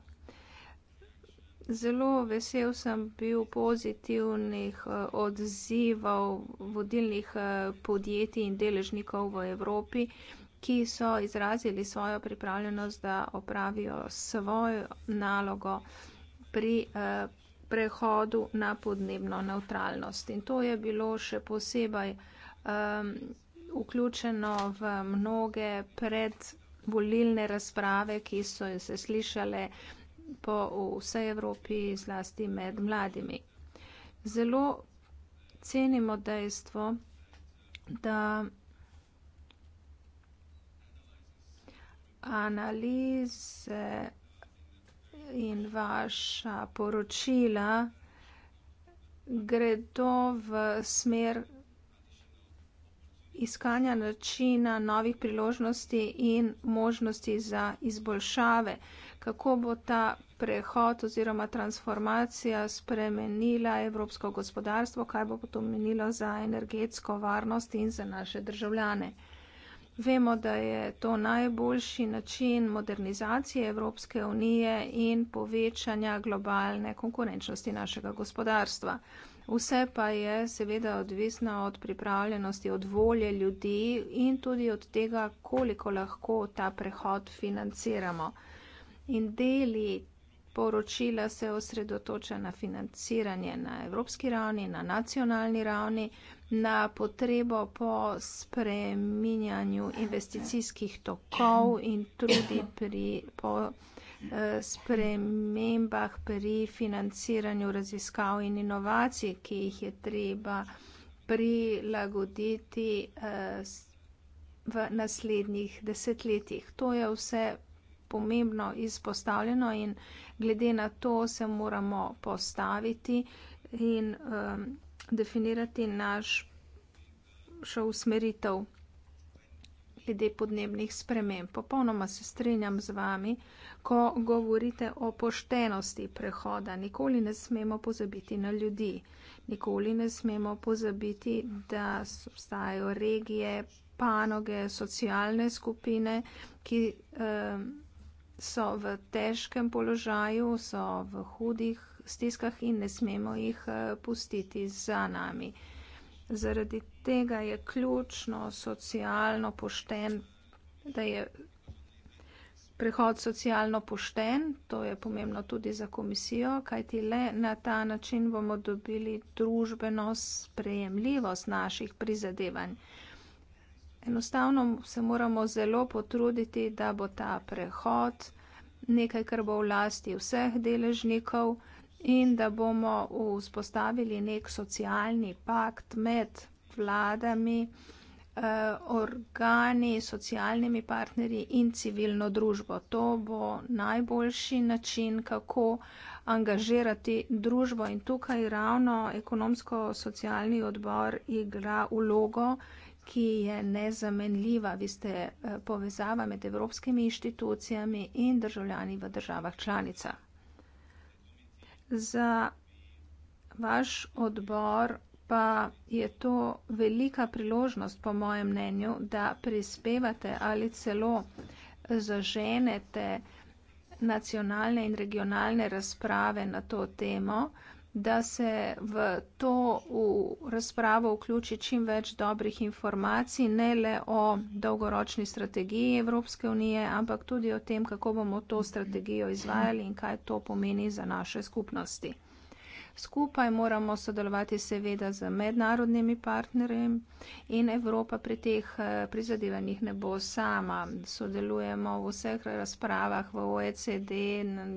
Zelo vesel sem bil pozitivnih eh, odzivov vodilnih eh, podjetij in deležnikov v Evropi, ki so izrazili svojo pripravljenost, da opravijo svojo nalogo pri eh, prehodu na podnebno neutralnost. In to je bilo še posebej um, vključeno v mnoge predvolilne razprave, ki so se slišale po vsej Evropi, zlasti med mladimi. Zelo cenimo dejstvo, da analize in vaša poročila gredo v smer iskanja načina novih priložnosti in možnosti za izboljšave. Kako bo ta prehod oziroma transformacija spremenila evropsko gospodarstvo, kaj bo pomenilo za energetsko varnost in za naše državljane? Vemo, da je to najboljši način modernizacije Evropske unije in povečanja globalne konkurenčnosti našega gospodarstva. Vse pa je seveda odvisno od pripravljenosti, od volje ljudi in tudi od tega, koliko lahko ta prehod financiramo. In deli poročila se osredotoča na financiranje na evropski ravni, na nacionalni ravni na potrebo po spreminjanju investicijskih tokov in tudi pri, po eh, spremembah pri financiranju raziskav in inovacij, ki jih je treba prilagoditi eh, v naslednjih desetletjih. To je vse pomembno izpostavljeno in glede na to se moramo postaviti in um, definirati našo usmeritev glede podnebnih sprememb. Popolnoma se strinjam z vami, ko govorite o poštenosti prehoda. Nikoli ne smemo pozabiti na ljudi, nikoli ne smemo pozabiti, da obstajajo regije, panoge, socialne skupine, ki. Um, So v težkem položaju, so v hudih stiskah in ne smemo jih eh, pustiti za nami. Zaradi tega je ključno socialno pošten, da je prehod socialno pošten, to je pomembno tudi za komisijo, kajti le na ta način bomo dobili družbeno sprejemljivost naših prizadevanj. Enostavno se moramo zelo potruditi, da bo ta prehod nekaj, kar bo v lasti vseh deležnikov in da bomo vzpostavili nek socialni pakt med vladami, eh, organi, socialnimi partnerji in civilno družbo. To bo najboljši način, kako angažirati družbo in tukaj ravno ekonomsko-socialni odbor igra vlogo, ki je nezamenljiva. Vi ste eh, povezava med evropskimi inštitucijami in državljani v državah članicah za vaš odbor pa je to velika priložnost, po mojem mnenju, da prispevate ali celo zaženete nacionalne in regionalne razprave na to temo da se v to v razpravo vključi čim več dobrih informacij, ne le o dolgoročni strategiji Evropske unije, ampak tudi o tem, kako bomo to strategijo izvajali in kaj to pomeni za naše skupnosti. Skupaj moramo sodelovati seveda z mednarodnimi partnerji in Evropa pri teh eh, prizadevanjih ne bo sama. Sodelujemo v vseh razpravah v OECD,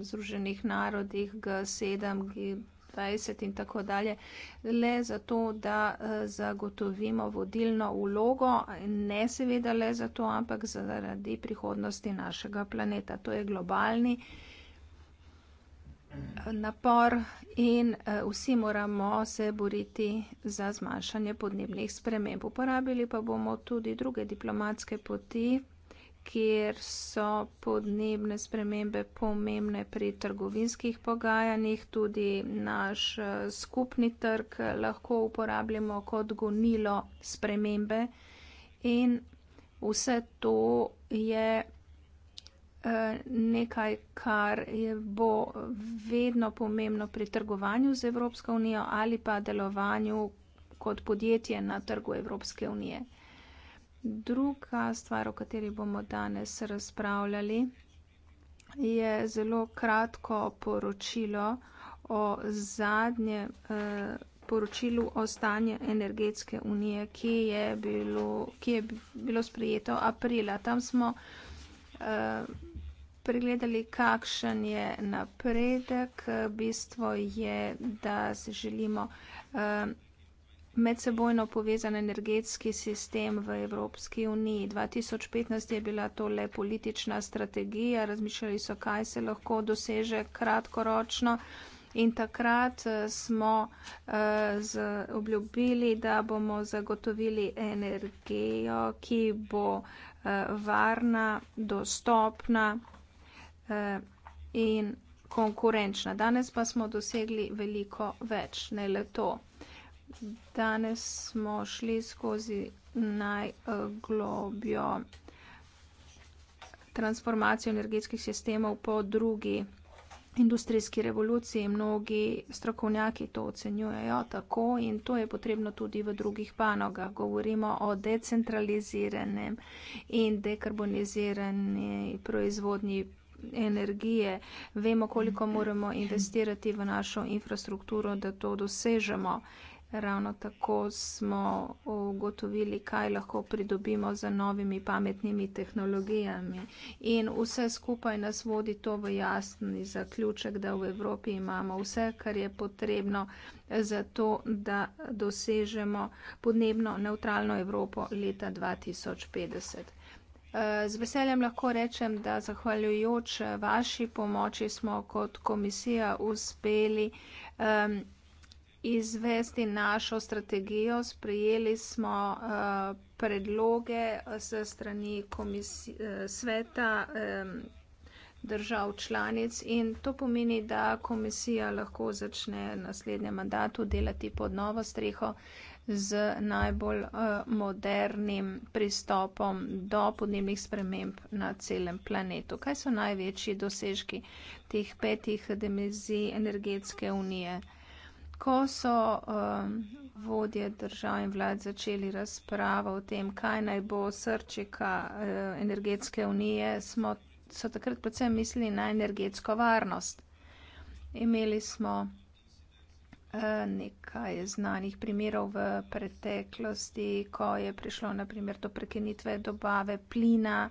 Združenih narodih, G7, G7. 20 in tako dalje, le zato, da eh, zagotovimo vodilno ulogo, ne seveda le zato, ampak zaradi prihodnosti našega planeta. To je globalni eh, napor in eh, vsi moramo se boriti za zmanjšanje podnebnih sprememb. Uporabili pa bomo tudi druge diplomatske poti, kjer so podnebne spremembe pomembne pri trgovinskih pogajanjih, tudi naš eh, skupni trg lahko uporabljamo kot gonilo spremembe in vse to je eh, nekaj, kar je bo vedno pomembno pri trgovanju z Evropsko unijo ali pa delovanju kot podjetje na trgu Evropske unije. Druga stvar, o kateri bomo danes razpravljali, je zelo kratko poročilo o zadnjem eh, poročilu o stanju energetske unije, ki je bilo, ki je bilo sprejeto aprila. Tam smo eh, pregledali, kakšen je napredek. Bistvo je, da se želimo. Eh, medsebojno povezan energetski sistem v Evropski uniji. 2015 je bila to le politična strategija, razmišljali so, kaj se lahko doseže kratkoročno. In takrat eh, smo uh, obljubili, da bomo zagotovili energijo, ki bo uh, varna, dostopna uh, in konkurenčna. Danes pa smo dosegli veliko več, ne le to. Uh, Danes smo šli skozi najglobjo transformacijo energetskih sistemov po drugi industrijski revoluciji. Mnogi strokovnjaki to ocenjujejo tako in to je potrebno tudi v drugih panogah. Govorimo o decentraliziranem in dekarbonizirani proizvodni energije. Vemo, koliko moramo investirati v našo infrastrukturo, da to dosežemo. Ravno tako smo ugotovili, kaj lahko pridobimo z novimi pametnimi tehnologijami. In vse skupaj nas vodi to v jasni zaključek, da v Evropi imamo vse, kar je potrebno za to, da dosežemo podnebno neutralno Evropo leta 2050. Z veseljem lahko rečem, da zahvaljujoč vaši pomoči smo kot komisija uspeli. Um, izvesti našo strategijo. Sprejeli smo uh, predloge eh, se strani eh, sveta um, držav članic in to pomeni, da komisija lahko začne naslednjem mandatu delati pod novo streho z najbolj uh, modernim pristopom do podnebnih sprememb na celem planetu. Kaj so največji dosežki teh petih dimenzij energetske unije? Ko so um, vodje držav in vlad začeli razpravo o tem, kaj naj bo srčika uh, energetske unije, smo, so takrat predvsem mislili na energetsko varnost. Imeli smo uh, nekaj znanih primerov v preteklosti, ko je prišlo naprimer do prekenitve dobave plina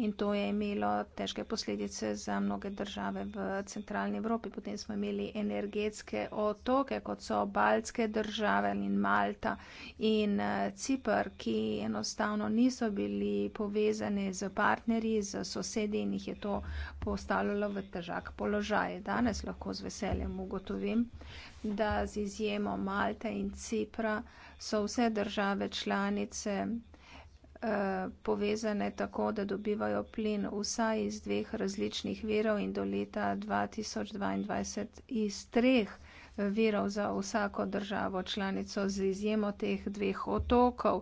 in to je imelo težke posledice za mnoge države v centralni Evropi. Potem smo imeli energetske otoke, kot so baltske države in Malta in eh, Cipr, ki enostavno niso bili povezani z partnerji, z sosedi in jih je to postavljalo v težak položaj. Danes lahko z veseljem ugotovim, da z izjemo Malte in Cipra so vse države članice Eh, povezane tako, da dobivajo plin vsaj iz dveh različnih virov in do leta 2022 iz treh virov za vsako državo članico z izjemo teh dveh otokov.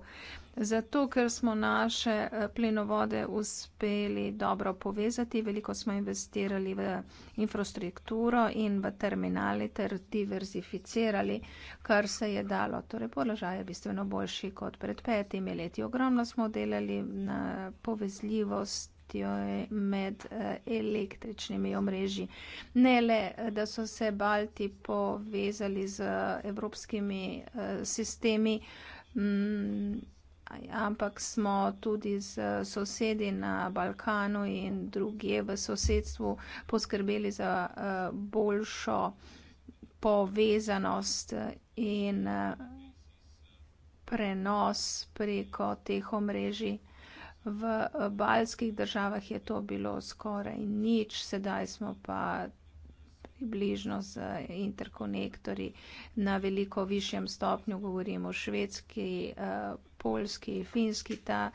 Zato, ker smo naše eh, plenovode uspeli dobro povezati, veliko smo investirali v infrastrukturo in v terminali ter diverzificirali, kar se je dalo. Torej, položaj je bistveno boljši kot pred petimi leti. Ogromno smo delali na povezljivost med eh, električnimi omrežji. Ne le, eh, da so se Balti povezali z evropskimi sistemi, mm, ampak smo tudi z sosedi na Balkanu in druge v sosedstvu poskrbeli za eh, boljšo povezanost in eh, prenos preko teh omrežij. V eh, balskih državah je to bilo skoraj nič, sedaj smo pa približno z interkonektori na veliko višjem stopnju, govorimo o švedski. Uh, Poljski, Finski ta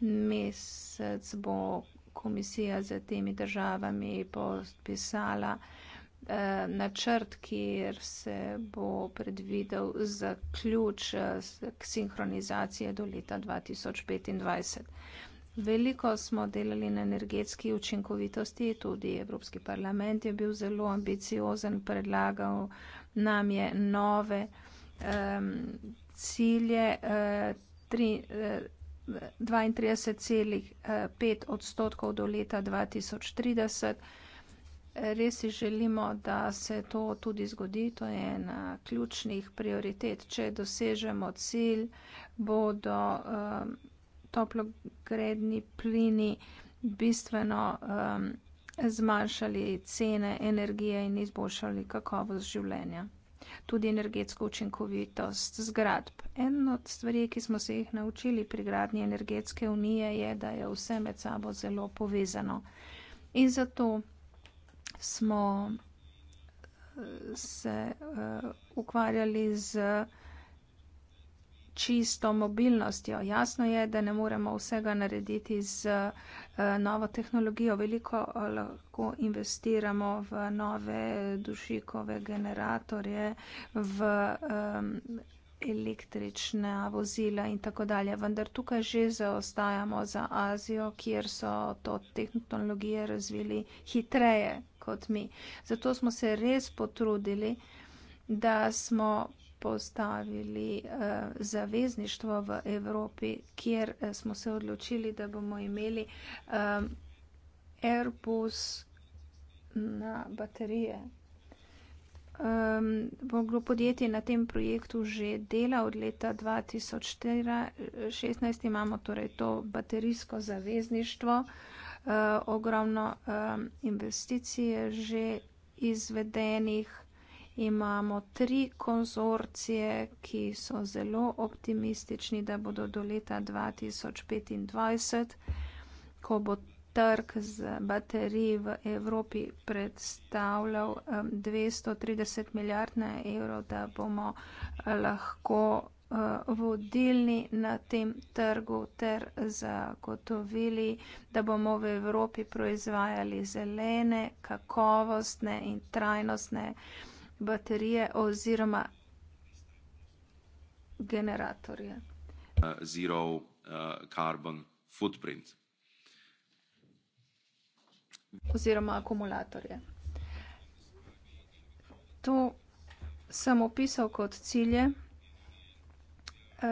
mesec bo komisija z temi državami podpisala eh, načrt, kjer se bo predvidel zaključ eh, k sinhronizacije do leta 2025. Veliko smo delali na energetski učinkovitosti, tudi Evropski parlament je bil zelo ambiciozen, predlagal nam je nove um, cilje, uh, Eh, dvaintrideset celih eh, pet odstotkov do leta dva tisoč trideset. Res si želimo, da se to tudi zgodi, to je ena ključnih prioritet. Če dosežemo cilj, bodo eh, toplogredni plini bistveno zmanjšali cene energije in izboljšali kakovost življenja tudi energetsko učinkovitost zgradb. En od stvari, ki smo se jih naučili pri gradnji energetske unije, je, da je vse med sabo zelo povezano. In zato smo eh, se uh, ukvarjali z. Uh, čisto mobilnostjo. Jasno je, da ne moremo vsega narediti z eh, novo tehnologijo. Veliko eh, lahko investiramo v nove dušikove generatorje, v um, električna vozila in tako dalje. Vendar tukaj že zaostajamo za Azijo, kjer so to tehnologije razvili hitreje kot mi. Zato smo se res potrudili, da smo vzpostavili eh, zavezništvo v Evropi, kjer eh, smo se odločili, da bomo imeli eh, Airbus na baterije. Um, ehm, Boglo podjetje na tem projektu že dela od leta 2016, imamo torej to baterijsko zavezništvo, uh, ogromno um, ehm, investicije že izvedenih, imamo tri konzorcije, ki so zelo optimistični, da bodo do leta 2025, ko bo trg z baterij v Evropi predstavljal 230 milijard na evro, da bomo lahko e, vodilni na tem trgu ter zagotovili, da bomo v Evropi proizvajali zelene, kakovostne in trajnostne baterije oziroma generatorje. Zero eh, carbon footprint. Oziroma akumulatorje. To sem opisal kot cilje eh,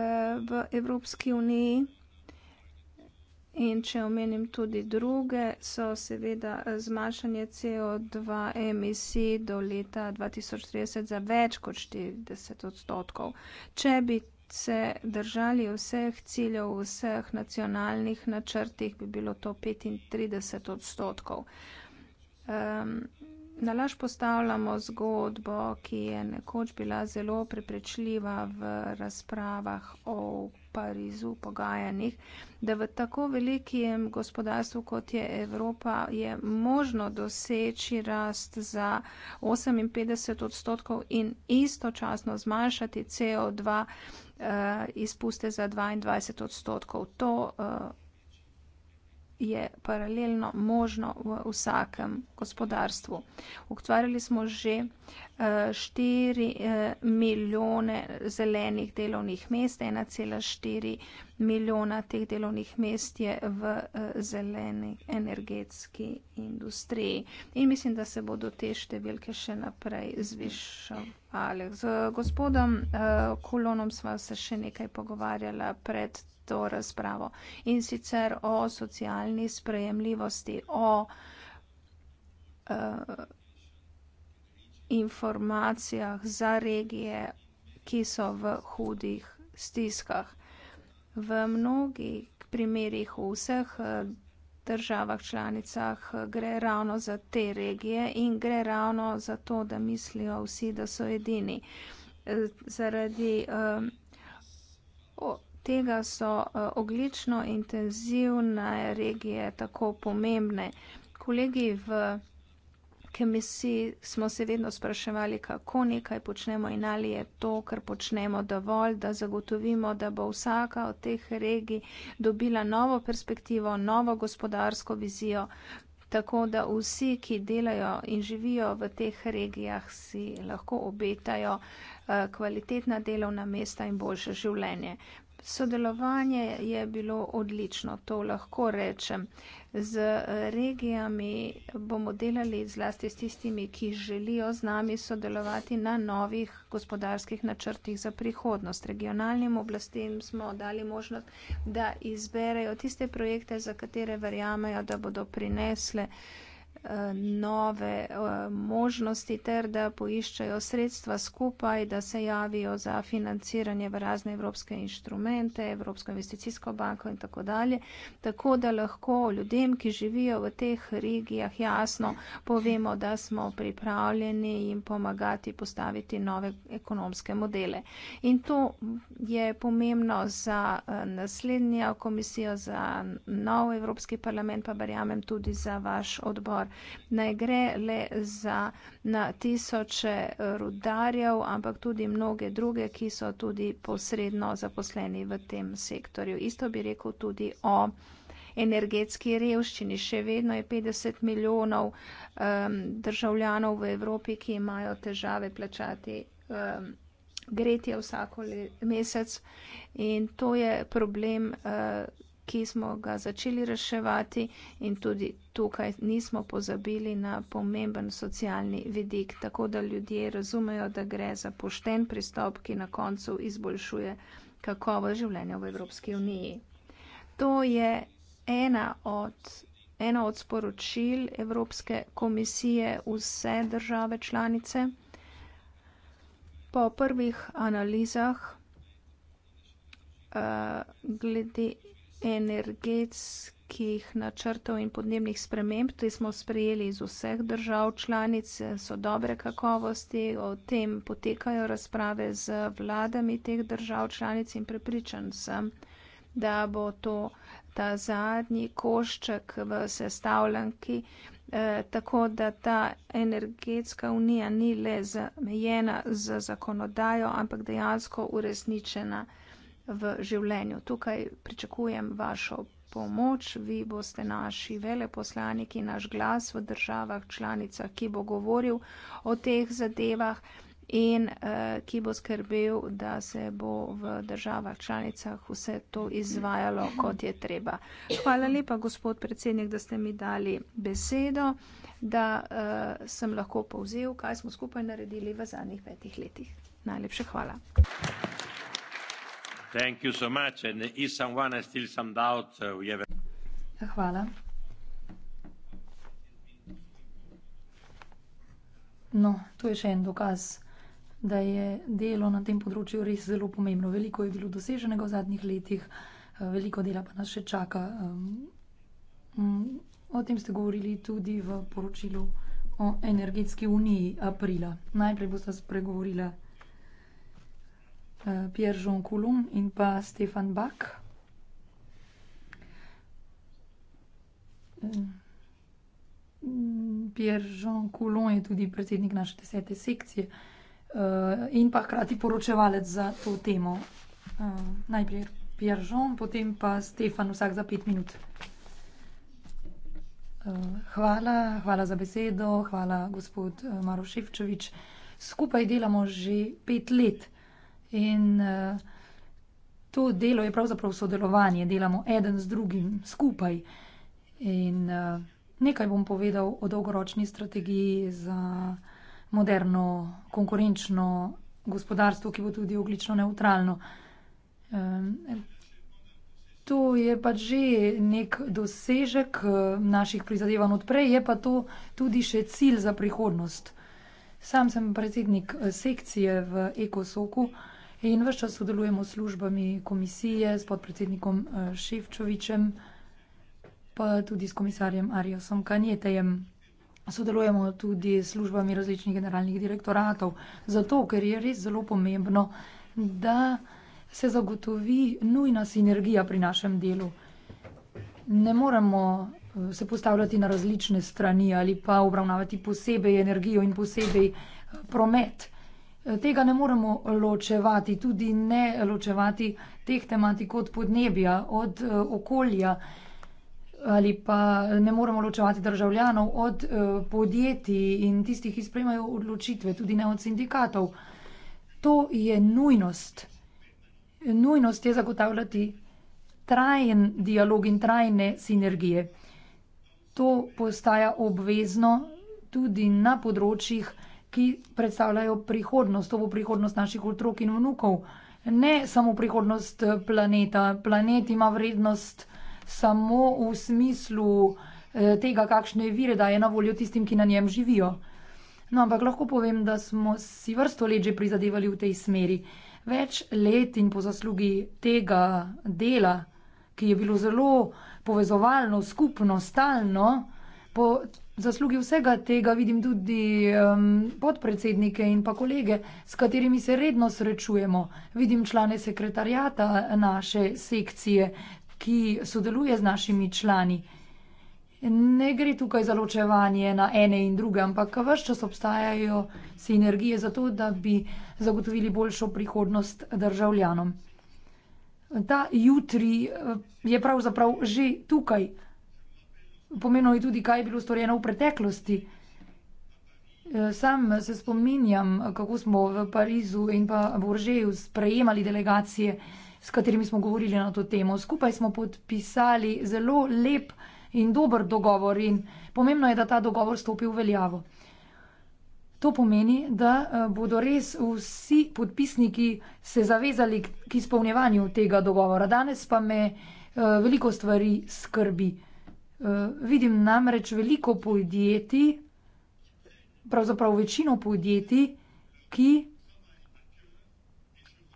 v Evropski uniji. In če omenim tudi druge, so seveda zmanjšanje CO2 emisij do leta 2030 za več kot 40 odstotkov. Če bi se držali vseh ciljev, vseh nacionalnih načrtih, bi bilo to 35 odstotkov. Um, Nalaž postavljamo zgodbo, ki je nekoč bila zelo prepričljiva v razpravah o Parizu, pogajanjih, da v tako velikem gospodarstvu, kot je Evropa, je možno doseči rast za 58 odstotkov in istočasno zmanjšati CO2 uh, eh, izpuste za 22 odstotkov. To uh, je paralelno možno v vsakem gospodarstvu. Ukvarjali smo že 4 eh, eh, milijone zelenih delovnih mest, 1,4 milijona teh delovnih mest je v eh, zeleni energetski industriji. In mislim, da se bodo te številke še naprej zvišale. Z gospodom Kulonom sva se še nekaj pogovarjala pred to razpravo in sicer o socialni sprejemljivosti, o uh, informacijah za regije, ki so v hudih stiskah. V mnogih primerjih v vseh eh, državah članicah eh, gre ravno za te regije in gre ravno za to, da mislijo vsi, da so edini. Zaradi um, tega so eh, oglično intenzivne regije tako pomembne. Kolegi v komisiji smo se vedno spraševali, kako nekaj počnemo in ali je to, kar počnemo dovolj, da zagotovimo, da bo vsaka od teh regij dobila novo perspektivo, novo gospodarsko vizijo. Tako da vsi, ki delajo in živijo v teh regijah, si lahko obetajo eh, kvalitetna delovna mesta in boljše življenje. Sodelovanje je bilo odlično, to lahko rečem. Z eh, regijami bomo delali zlasti s tistimi, ki želijo z nami sodelovati na novih gospodarskih načrtih za prihodnost. Regionalnim oblastem smo dali možnost, da izberejo tiste projekte, za katere verjamejo, da bodo prinesle nove eh, možnosti ter da poiščajo sredstva skupaj, da se javijo za financiranje v razne evropske inštrumente, Evropsko investicijsko banko in tako dalje, tako da lahko ljudem, ki živijo v teh regijah, jasno povemo, da smo pripravljeni jim pomagati postaviti nove ekonomske modele. In to je pomembno za eh, naslednjo komisijo, za nov Evropski parlament, pa verjamem tudi za vaš odbor ne gre le za na tisoče eh, rudarjev, ampak tudi mnoge druge, ki so tudi posredno zaposleni v tem sektorju. Isto bi rekel tudi o energetski revščini. Še vedno je 50 milijonov um, državljanov v Evropi, ki imajo težave plačati um, gretje vsako le, mesec. In to je problem uh, ki smo ga začeli reševati in tudi tukaj nismo pozabili na pomemben socialni vidik, tako da ljudje razumejo, da gre za pošten pristop, ki na koncu izboljšuje kakovo življenje v Evropski uniji. To je ena od, ena od sporočil Evropske komisije vse države članice. Po prvih analizah uh, glede energetskih načrtov in podnebnih sprememb, ki smo sprejeli iz vseh držav članic, so dobre kakovosti, o tem potekajo razprave z vladami teh držav članic in prepričan sem, da bo to ta zadnji košček v sestavljanki, eh, tako da ta energetska unija ni le zamejena z zakonodajo, ampak dejansko uresničena v življenju. Tukaj pričakujem vašo pomoč. Vi boste naši veleposlaniki, naš glas v državah članicah, ki bo govoril o teh zadevah in eh, ki bo skrbel, da se bo v državah članicah vse to izvajalo, kot je treba. Hvala lepa, gospod predsednik, da ste mi dali besedo, da eh, sem lahko povzel, kaj smo skupaj naredili v zadnjih petih letih. Najlepše hvala. Uh, hvala. No, to je še en dokaz, da je delo na tem področju res zelo pomembno. Veliko je bilo doseženega v zadnjih letih, eh, veliko dela pa nas še čaka. Ehm, mm, o tem ste govorili tudi v poročilu o energetski uniji aprila. Najprej bosta spregovorila. Eh, Pierre Jean Coulomb in pa Stefan Bach. Eh, mm, Pierre Jean Coulomb je tudi predsednik naše desete sekcije eh, in pa hkrati poročevalec za to temo. Najprej Pierre Jean, potem pa Stefan vsak za pet minut. Hvala, hvala za besedo, hvala gospod Maroševčevič. Skupaj delamo že pet let. In eh, to delo je pravzaprav sodelovanje, delamo eden z drugim skupaj. In eh, nekaj bom povedal o dolgoročni strategiji za moderno, konkurenčno gospodarstvo, ki bo tudi oglično neutralno. Eh, to je pa že nek dosežek naših prizadevanj odprej, je pa to tudi še cilj za prihodnost. Sam sem predsednik sekcije v Ekosoku. In vse čas sodelujemo s službami komisije, s podpredsednikom eh, Ševčovičem, pa tudi s komisarjem Ariosom Kanjetejem. Sodelujemo tudi s službami različnih generalnih direktoratov, zato ker je res zelo pomembno, da se zagotovi nujna sinergija pri našem delu. Ne moremo eh, se postavljati na različne strani ali pa obravnavati posebej energijo in posebej eh, promet. Tega ne moremo ločevati, tudi ne ločevati teh tematik od podnebja, od eh, okolja ali pa ne moremo ločevati državljanov od eh, podjetij in tistih, ki sprejmajo odločitve, tudi ne od sindikatov. To je nujnost. Nujnost je zagotavljati trajen dialog in trajne sinergije. To postaja obvezno tudi na področjih, ki predstavljajo prihodnost, to bo prihodnost naših otrok in vnukov. Ne samo prihodnost eh, planeta. Planet ima vrednost samo v smislu eh, tega, kakšne vire daje na voljo tistim, ki na njem živijo. No, ampak lahko povem, da smo si vrsto let že prizadevali v tej smeri. Več let in po zaslugi tega dela, ki je bilo zelo povezovalno, skupno, stalno, po zaslugi vsega tega vidim tudi um, podpredsednike in pa kolege, s katerimi se redno srečujemo. Vidim člane sekretarjata naše sekcije, ki sodeluje z našimi člani. Ne gre tukaj za ločevanje na ene in druge, ampak vse čas obstajajo sinergije za to, da bi zagotovili boljšo prihodnost državljanom. Ta jutri eh, je pravzaprav že tukaj pomenilo je tudi, kaj je bilo storjeno v preteklosti. E, sam se spominjam, kako smo v Parizu in pa v Oržeju sprejemali delegacije, s katerimi smo govorili na to temo. Skupaj smo podpisali zelo lep in dober dogovor in pomembno je, da ta dogovor stopi v veljavo. To pomeni, da e, bodo res vsi podpisniki se zavezali k izpolnjevanju tega dogovora. Danes pa me e, veliko stvari skrbi. Eh, vidim namreč veliko podjetij, pravzaprav večino podjetij, ki,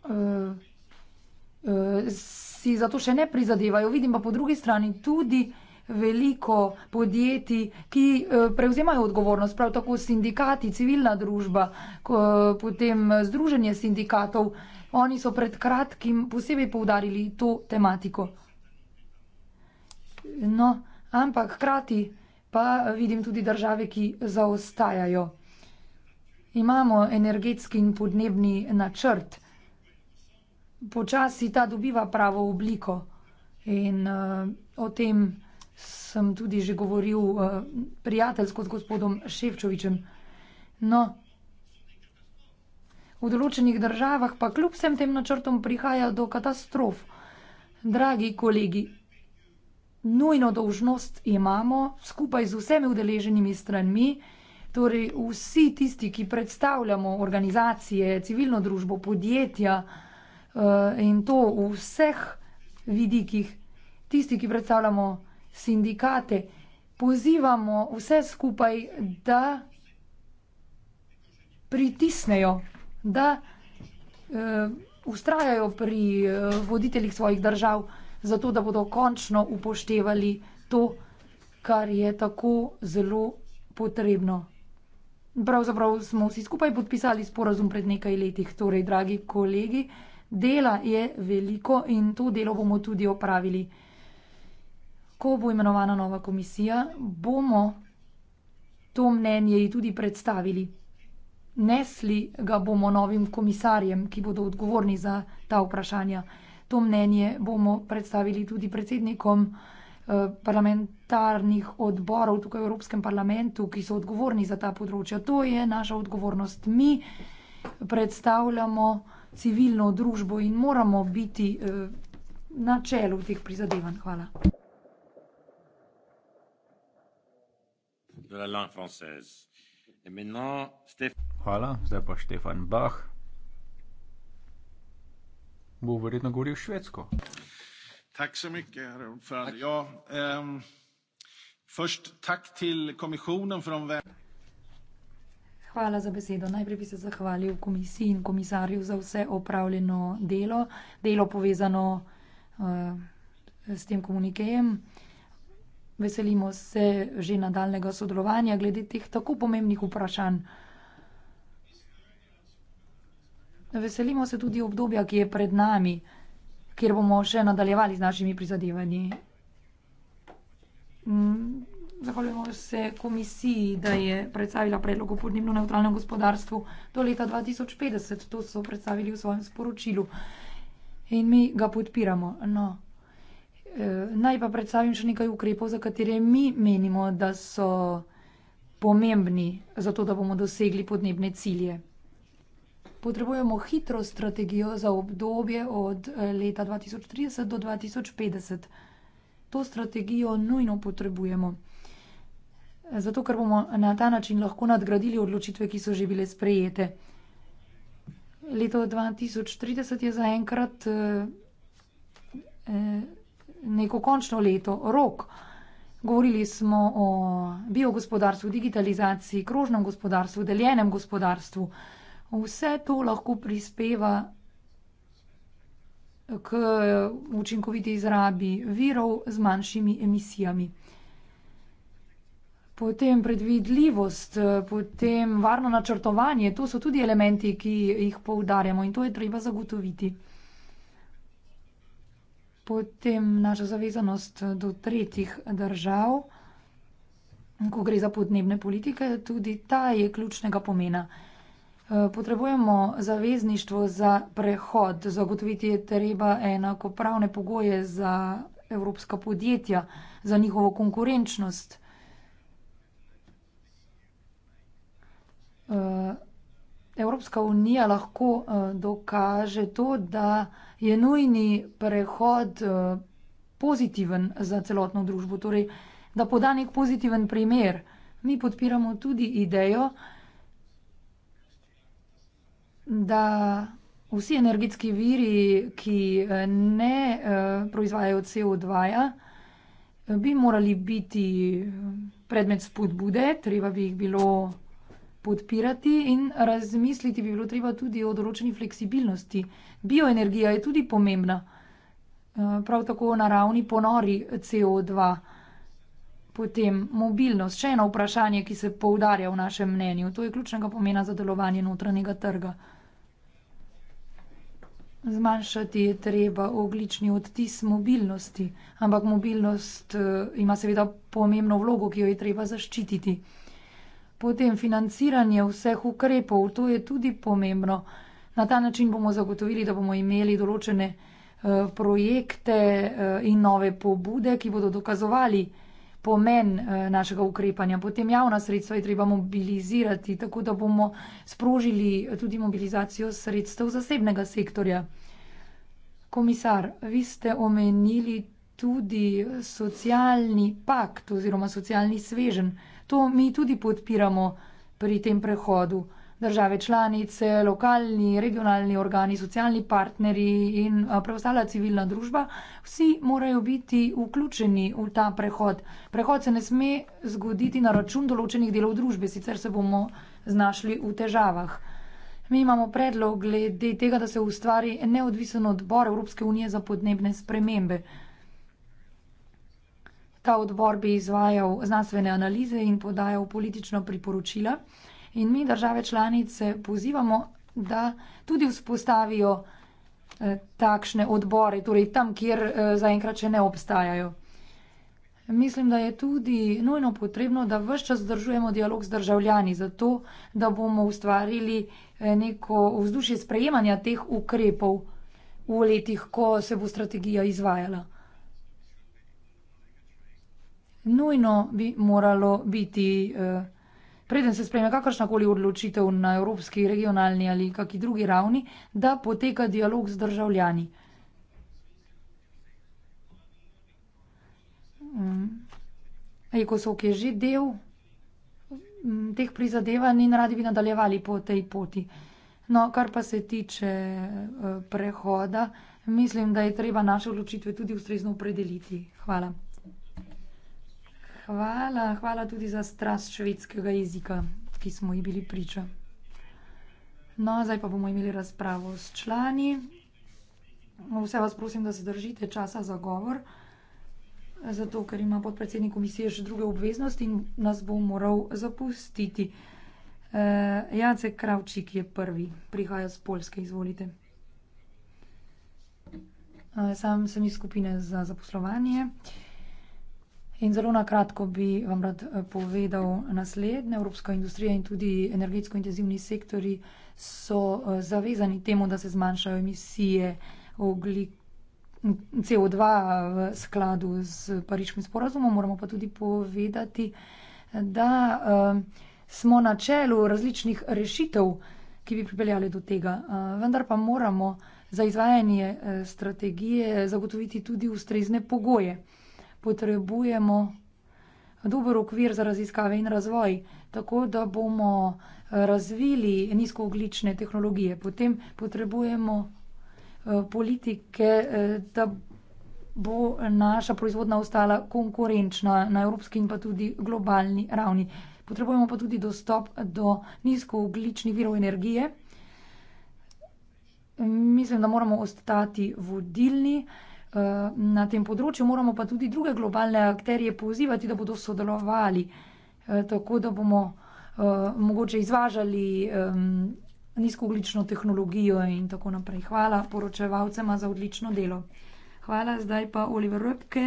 eh, eh, si za to še ne prizadevajo, vidim pa po drugi strani tudi veliko podjetij, ki, prevzemajo odgovornost, prav tako sindikati, civilna družba, potem združenje sindikatov, oni so pred kratkim posebej poudarili to tematiko. No ampak hkrati pa vidim tudi države, ki zaostajajo. Imamo energetski in podnebni načrt. Počasi ta dobiva pravo obliko in eh, o tem sem tudi že govoril eh, prijateljsko z gospodom Ševčovičem. No, v določenih državah pa kljub vsem tem načrtom prihaja do katastrof. Dragi kolegi, nujno dolžnost imamo skupaj z vsemi udeleženimi stranmi, torej vsi tisti, ki predstavljamo organizacije, civilno družbo, podjetja eh, in to v vseh vidikih, tisti, ki predstavljamo sindikate, pozivamo vse skupaj, da pritisnejo, da ustrajajo eh, pri eh, voditeljih svojih držav, zato da bodo končno upoštevali to, kar je tako zelo potrebno. Pravzaprav smo vsi skupaj podpisali sporazum pred nekaj leti, torej, dragi kolegi, dela je veliko in to delo bomo tudi opravili. Ko bo imenovana nova komisija, bomo to mnenje ji tudi predstavili. Nesli ga bomo novim komisarjem, ki bodo odgovorni za ta vprašanja. To mnenje bomo predstavili tudi predsednikom eh, parlamentarnih odborov tukaj v Evropskem parlamentu, ki so odgovorni za ta področja. To je naša odgovornost. Mi predstavljamo civilno družbo in moramo biti eh, na čelu teh prizadevanj. Hvala. Hvala, zdaj pa Štefan Bach. Boverit nå går det ju Schweizko. Tack så mycket, herr ordförande. Ja, um, först tack till kommissionen för de Hvala za besedo. Najprej bi se zahvalil komisiji in komisarju za vse opravljeno delo, delo povezano uh, s tem komunikejem. Veselimo se že nadaljnega sodelovanja glede teh tako pomembnih vprašanj. Veselimo se tudi obdobja, ki je pred nami, kjer bomo še nadaljevali z našimi prizadevanji. Mm, zahvaljujemo se komisiji, da je predstavila predlog o podnebno neutralnem gospodarstvu do leta 2050. To so predstavili v svojem sporočilu in mi ga podpiramo. No. E, naj pa predstavim še nekaj ukrepov, za katere mi menimo, da so pomembni za to, da bomo dosegli podnebne cilje potrebujemo hitro strategijo za obdobje od eh, leta 2030 do 2050. To strategijo nujno potrebujemo, zato ker bomo na ta način lahko nadgradili odločitve, ki so že bile sprejete. Leto 2030 je zaenkrat eh, eh, neko končno leto, rok. Govorili smo o biogospodarstvu, digitalizaciji, krožnem gospodarstvu, deljenem gospodarstvu. Vse to lahko prispeva k učinkoviti izrabi virov z manjšimi emisijami. Potem predvidljivost, potem varno načrtovanje, to so tudi elementi, ki jih poudarjamo in to je treba zagotoviti. Potem naša zavezanost do tretjih držav, ko gre za podnebne politike, tudi ta je ključnega pomena potrebujemo zavezništvo za prehod, zagotoviti je treba enakopravne pogoje za evropska podjetja, za njihovo konkurenčnost. Eh, evropska unija lahko, eh, dokaže to, da je nujni prehod, eh, pozitiven za celotno družbo, torej da poda neki pozitiven primer. Mi podpiramo tudi idejo, da vsi energetski viri, ki eh, ne eh, proizvajajo CO2, -ja, bi morali biti eh, predmet spodbude, treba bi jih bilo podpirati in razmisliti bi bilo treba tudi o določeni fleksibilnosti. Bioenergija je tudi pomembna, prav tako naravni ponori CO2. Potem mobilnost, še eno vprašanje, ki se poudarja v našem mnenju, to je ključnega pomena za delovanje notranjega trga. Zmanjšati je treba oglični odtis mobilnosti, ampak mobilnost eh, ima seveda pomembno vlogo, ki jo je treba zaščititi. Potem financiranje vseh ukrepov, to je tudi pomembno. Na ta način bomo zagotovili, da bomo imeli določene eh, projekte eh, in nove pobude, ki bodo dokazovali, pomen eh, našega ukrepanja. Potem javna sredstva je treba mobilizirati, tako da bomo sprožili tudi mobilizacijo sredstev zasebnega sektorja. Komisar, vi ste omenili tudi socialni pakt oziroma socialni svežen. To mi tudi podpiramo pri tem prehodu države članice, lokalni, regionalni organi, socialni partnerji in eh, preostala civilna družba, vsi morajo biti vključeni v ta prehod. Prehod se ne sme zgoditi na račun določenih delov družbe, sicer se bomo znašli v težavah. Mi imamo predlog glede tega, da se ustvari neodvisen odbor Evropske unije za podnebne spremembe. Ta odbor bi izvajal znanstvene analize in podajal politična priporočila in mi države članice pozivamo, da tudi vzpostavijo eh, takšne odbore, torej tam, kjer eh, zaenkrat še ne obstajajo. Mislim, da je tudi nujno potrebno, da vse čas zdržujemo dialog z državljani, zato da bomo ustvarili eh, neko vzdušje sprejemanja teh ukrepov v letih, ko se bo strategija izvajala. Nujno bi moralo biti eh, preden se sprejme kakršnakoli odločitev na evropski, regionalni ali kaki drugi ravni, da poteka dialog z državljani. Mm. Ekosok je že del mm, teh prizadevanj in radi bi nadaljevali po tej poti. No, kar pa se tiče eh, prehoda, mislim, da je treba naše odločitve tudi ustrezno opredeliti. Hvala. Hvala, hvala tudi za strast švedskega jezika, ki smo ji bili priča. No, zdaj pa bomo imeli razpravo s člani. Vse vas prosim, da se držite časa za govor, zato ker ima podpredsednik komisije še druge obveznosti in nas bo moral zapustiti. E, Jacek Kravčik je prvi, prihaja z Polske, izvolite. E, sam sem iz skupine za zaposlovanje. E, In zelo na kratko bi vam rad eh, povedal naslednje. Evropska industrija in tudi energetsko intenzivni sektori so eh, zavezani temu, da se zmanjšajo emisije oglik. CO2 eh, v skladu z pariškim sporazumom, moramo pa tudi povedati, da uh, smo na čelu različnih rešitev, ki bi pripeljali do tega, uh, vendar pa moramo za izvajanje uh, strategije zagotoviti tudi ustrezne pogoje potrebujemo dober okvir za raziskave in razvoj, tako da bomo razvili nizkooglične tehnologije. Potem potrebujemo eh, politike, eh, da bo naša proizvodna ostala konkurenčna na evropski in pa tudi globalni ravni. Potrebujemo pa tudi dostop do nizkoogličnih virov energije. Mislim, da moramo ostati vodilni. Eh, na tem področju, moramo pa tudi druge globalne akterje pozivati, da bodo sodelovali, eh, tako da bomo eh, mogoče izvažali nizkooglično tehnologijo in tako naprej. Hvala poročevalcema za odlično delo. Hvala zdaj pa Oliver Röpke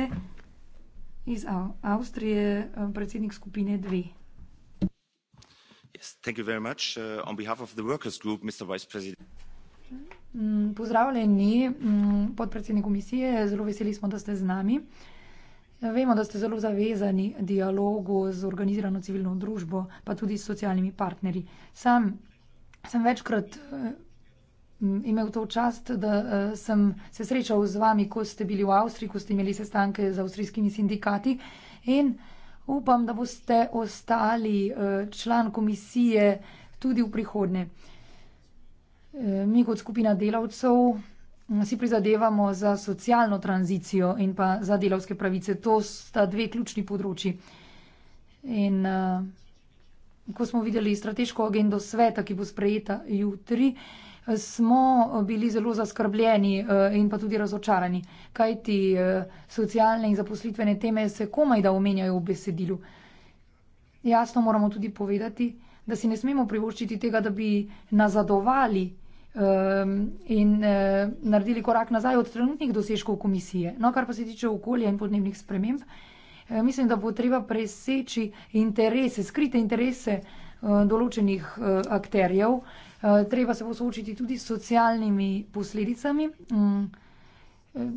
iz Avstrije, predsednik skupine 2. Thank you very much. Uh, on behalf of the workers' group, Mr. Vice President. Mm -hmm. Mm, pozdravljeni, mm, podpredsednik komisije, zelo veseli smo, da ste z nami. Vemo, da ste zelo zavezani dialogu z organizirano civilno družbo, pa tudi s socialnimi partnerji. Sam sem večkrat eh, imel to čast, da eh, sem se srečal z vami, ko ste bili v Avstriji, ko ste imeli sestanke z avstrijskimi sindikati in upam, da boste ostali eh, član komisije tudi v prihodnje. Eh, mi kot skupina delavcev eh, si prizadevamo za socialno tranzicijo in pa za delavske pravice. To sta dve ključni področji. In eh, ko smo videli strateško agendo sveta, ki bo sprejeta jutri, smo bili zelo zaskrbljeni in pa tudi razočarani, kajti socialne in zaposlitvene teme se komaj da omenjajo v besedilu. Jasno moramo tudi povedati, da si ne smemo privoščiti tega, da bi nazadovali um, in uh, naredili korak nazaj od trenutnih dosežkov komisije. No, kar pa se tiče okolja in podnebnih sprememb, uh, mislim, da bo treba preseči interese, skrite interese uh, določenih uh, akterjev. Uh, treba se bo soočiti tudi s socialnimi posledicami. Um,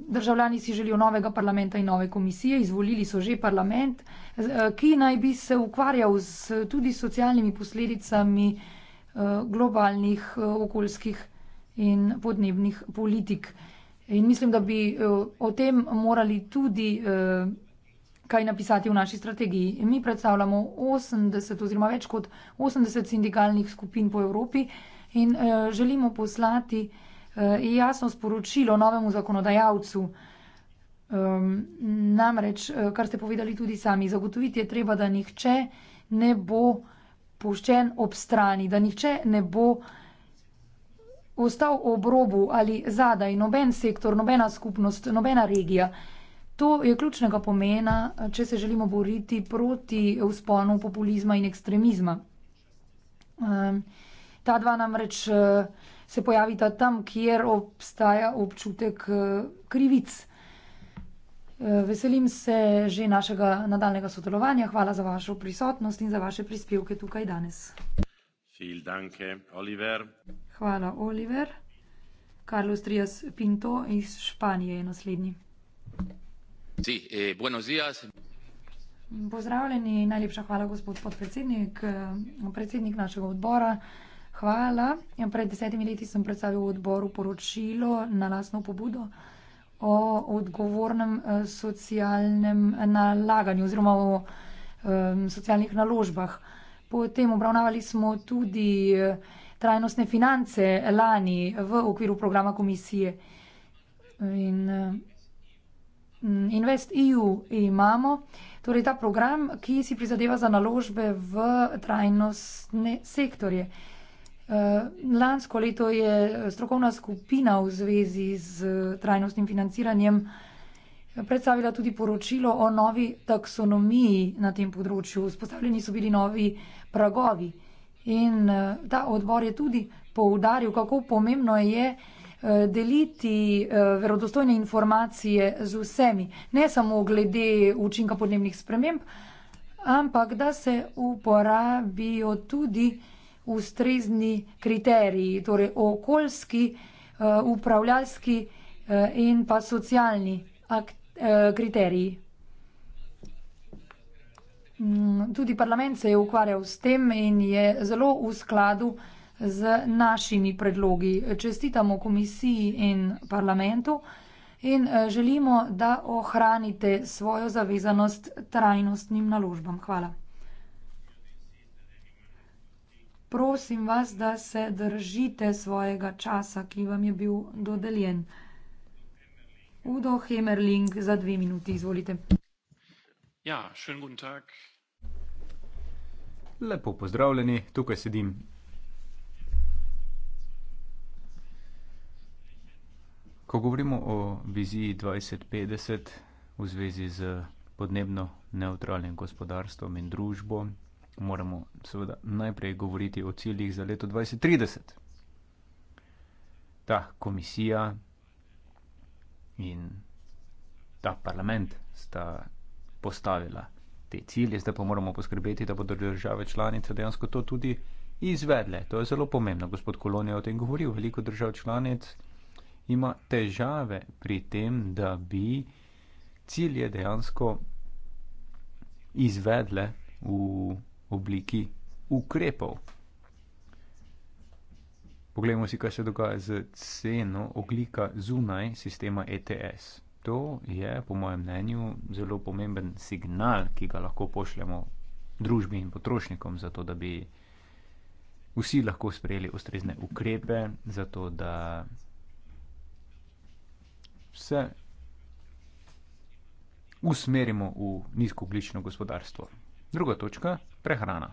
Državljani si želijo novega parlamenta in nove komisije, izvolili so že parlament, ki naj bi se ukvarjal s tudi socialnimi posledicami uh, Eh, globalnih eh, okoljskih in podnebnih politik. In mislim, da bi eh, o tem morali tudi kaj napisati v naši strategiji. Mi predstavljamo 80 oziroma več kot 80 sindikalnih skupin po Evropi in želimo poslati jasno sporočilo novemu zakonodajalcu. Ehm, namreč, kar ste povedali tudi sami, zagotoviti je treba, da nihče ne bo puščen ob strani, da nihče ne bo ostal ob robu ali zadaj, noben sektor, nobena skupnost, nobena regija. To je ključnega pomena, če se želimo boriti proti usponu populizma in ekstremizma. Ehm, ta dva namreč eh, se pojavita tam, kjer obstaja občutek eh, krivic. Veselim se že našega nadaljnega sodelovanja. Hvala za vašo prisotnost in za vaše prispevke tukaj danes. Danke, Oliver. Hvala, Oliver. Carlos Trias Pinto iz Španije je naslednji. Si, eh, días. Pozdravljeni, najlepša hvala, gospod podpredsednik, predsednik našega odbora. Hvala. Pred desetimi leti sem predstavil v odboru poročilo na lasno pobudo o odgovornem eh, socialnem eh, nalaganju oziroma o socialnih naložbah. Potem obravnavali smo tudi eh, trajnostne finance lani v okviru programa komisije. In Invest EU imamo, torej ta program, ki si prizadeva za naložbe v trajnostne sektorje. Eh, lansko leto je strokovna skupina v zvezi z eh, trajnostnim financiranjem eh, predstavila tudi poročilo o novi taksonomiji na tem področju. Spostavljeni so bili novi pragovi in ta odbor je tudi poudaril, kako pomembno je deliti verodostojne informacije z vsemi, ne samo glede učinka podnebnih sprememb, ampak da se uporabijo tudi ustrezni kriteriji, torej okoljski, eh, upravljalski eh, in pa socialni eh, kriteriji. Mm, tudi parlament se je ukvarjal s tem in je zelo v skladu z našimi predlogi. Čestitamo komisiji in parlamentu in želimo, da ohranite svojo zavezanost trajnostnim naložbam. Hvala. prosim vas, da se držite svojega časa, ki vam je bil dodeljen. Udo Hemerling, za dve minuti, izvolite. Ja, šen gun tak. Lepo pozdravljeni, tukaj sedim. Ko govorimo o viziji 2050 v zvezi z podnebno neutralnim gospodarstvom in družbo, moramo seveda najprej govoriti o ciljih za leto 2030. Ta komisija in ta parlament sta postavila te cilje, zdaj pa moramo poskrbeti, da bodo države članice dejansko to tudi izvedle. To je zelo pomembno. Gospod Kolon je o tem govoril. Veliko držav članic ima težave pri tem, da bi cilje dejansko izvedle v obliki ukrepov. Poglejmo si, kaj se dogaja z ceno oglika zunaj sistema ETS. To je, po mojem mnenju, zelo pomemben signal, ki ga lahko pošljemo družbi in potrošnikom, zato da bi vsi lahko sprejeli ustrezne ukrepe, zato da se usmerimo v nizkooglično gospodarstvo. Druga točka je prehrana.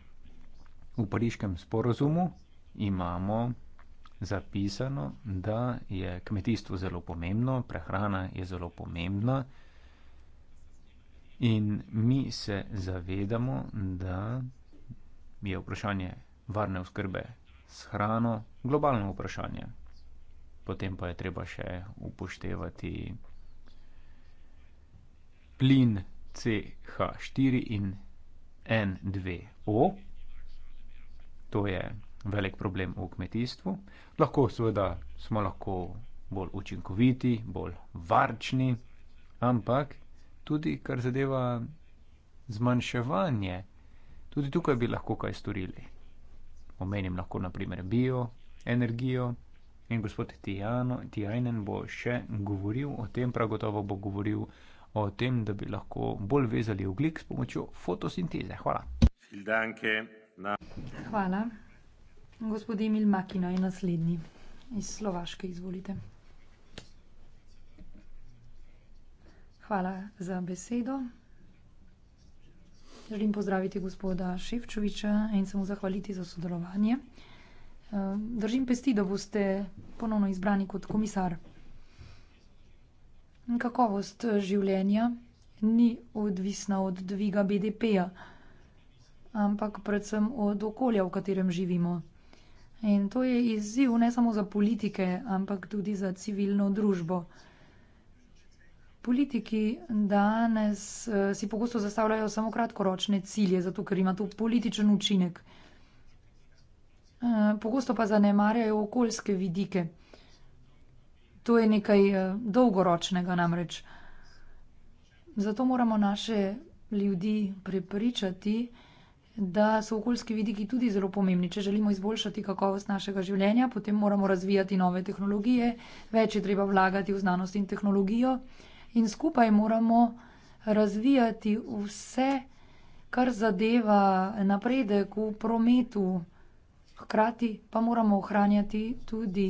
V pariškem sporozumu imamo zapisano, da je kmetijstvo zelo pomembno, prehrana je zelo pomembna in mi se zavedamo, da je vprašanje varne oskrbe s hrano globalno vprašanje. Potem pa je treba še upoštevati plin CH4 in N2O, to je velik problem v kmetijstvu. Lahko seveda smo lahko bolj učinkoviti, bolj varčni, ampak tudi kar zadeva zmanjševanje, tudi tukaj bi lahko kaj storili. Omenim lahko naprimer bio, energijo in gospod Tijano, Tijajnen bo še govoril o tem, prav gotovo bo govoril o tem, da bi lahko bolj vezali oglik s pomočjo fotosinteze. Hvala. Eh, Hvala. Gospod Emil Makina je naslednji iz Slovaške, izvolite. Hvala za besedo. Želim pozdraviti gospoda Ševčoviča in se mu zahvaliti za sodelovanje. Eh, držim pesti, da boste ponovno izbrani kot komisar Kakovost eh, življenja ni odvisna od dviga BDP-ja, ampak predvsem od okolja, v katerem živimo. In to je izziv ne samo za politike, ampak tudi za civilno družbo. Politiki danes eh, si pogosto zastavljajo samo kratkoročne cilje, zato ker ima to političen učinek. Eh, pogosto pa zanemarjajo okoljske vidike. To je nekaj eh, dolgoročnega namreč. Zato moramo naše ljudi prepričati, da so okoljski vidiki tudi zelo pomembni. Če želimo izboljšati kakovost našega življenja, potem moramo razvijati nove tehnologije, več je treba vlagati v znanost in tehnologijo in skupaj moramo razvijati vse, kar zadeva napredek v prometu. Hkrati pa moramo ohranjati tudi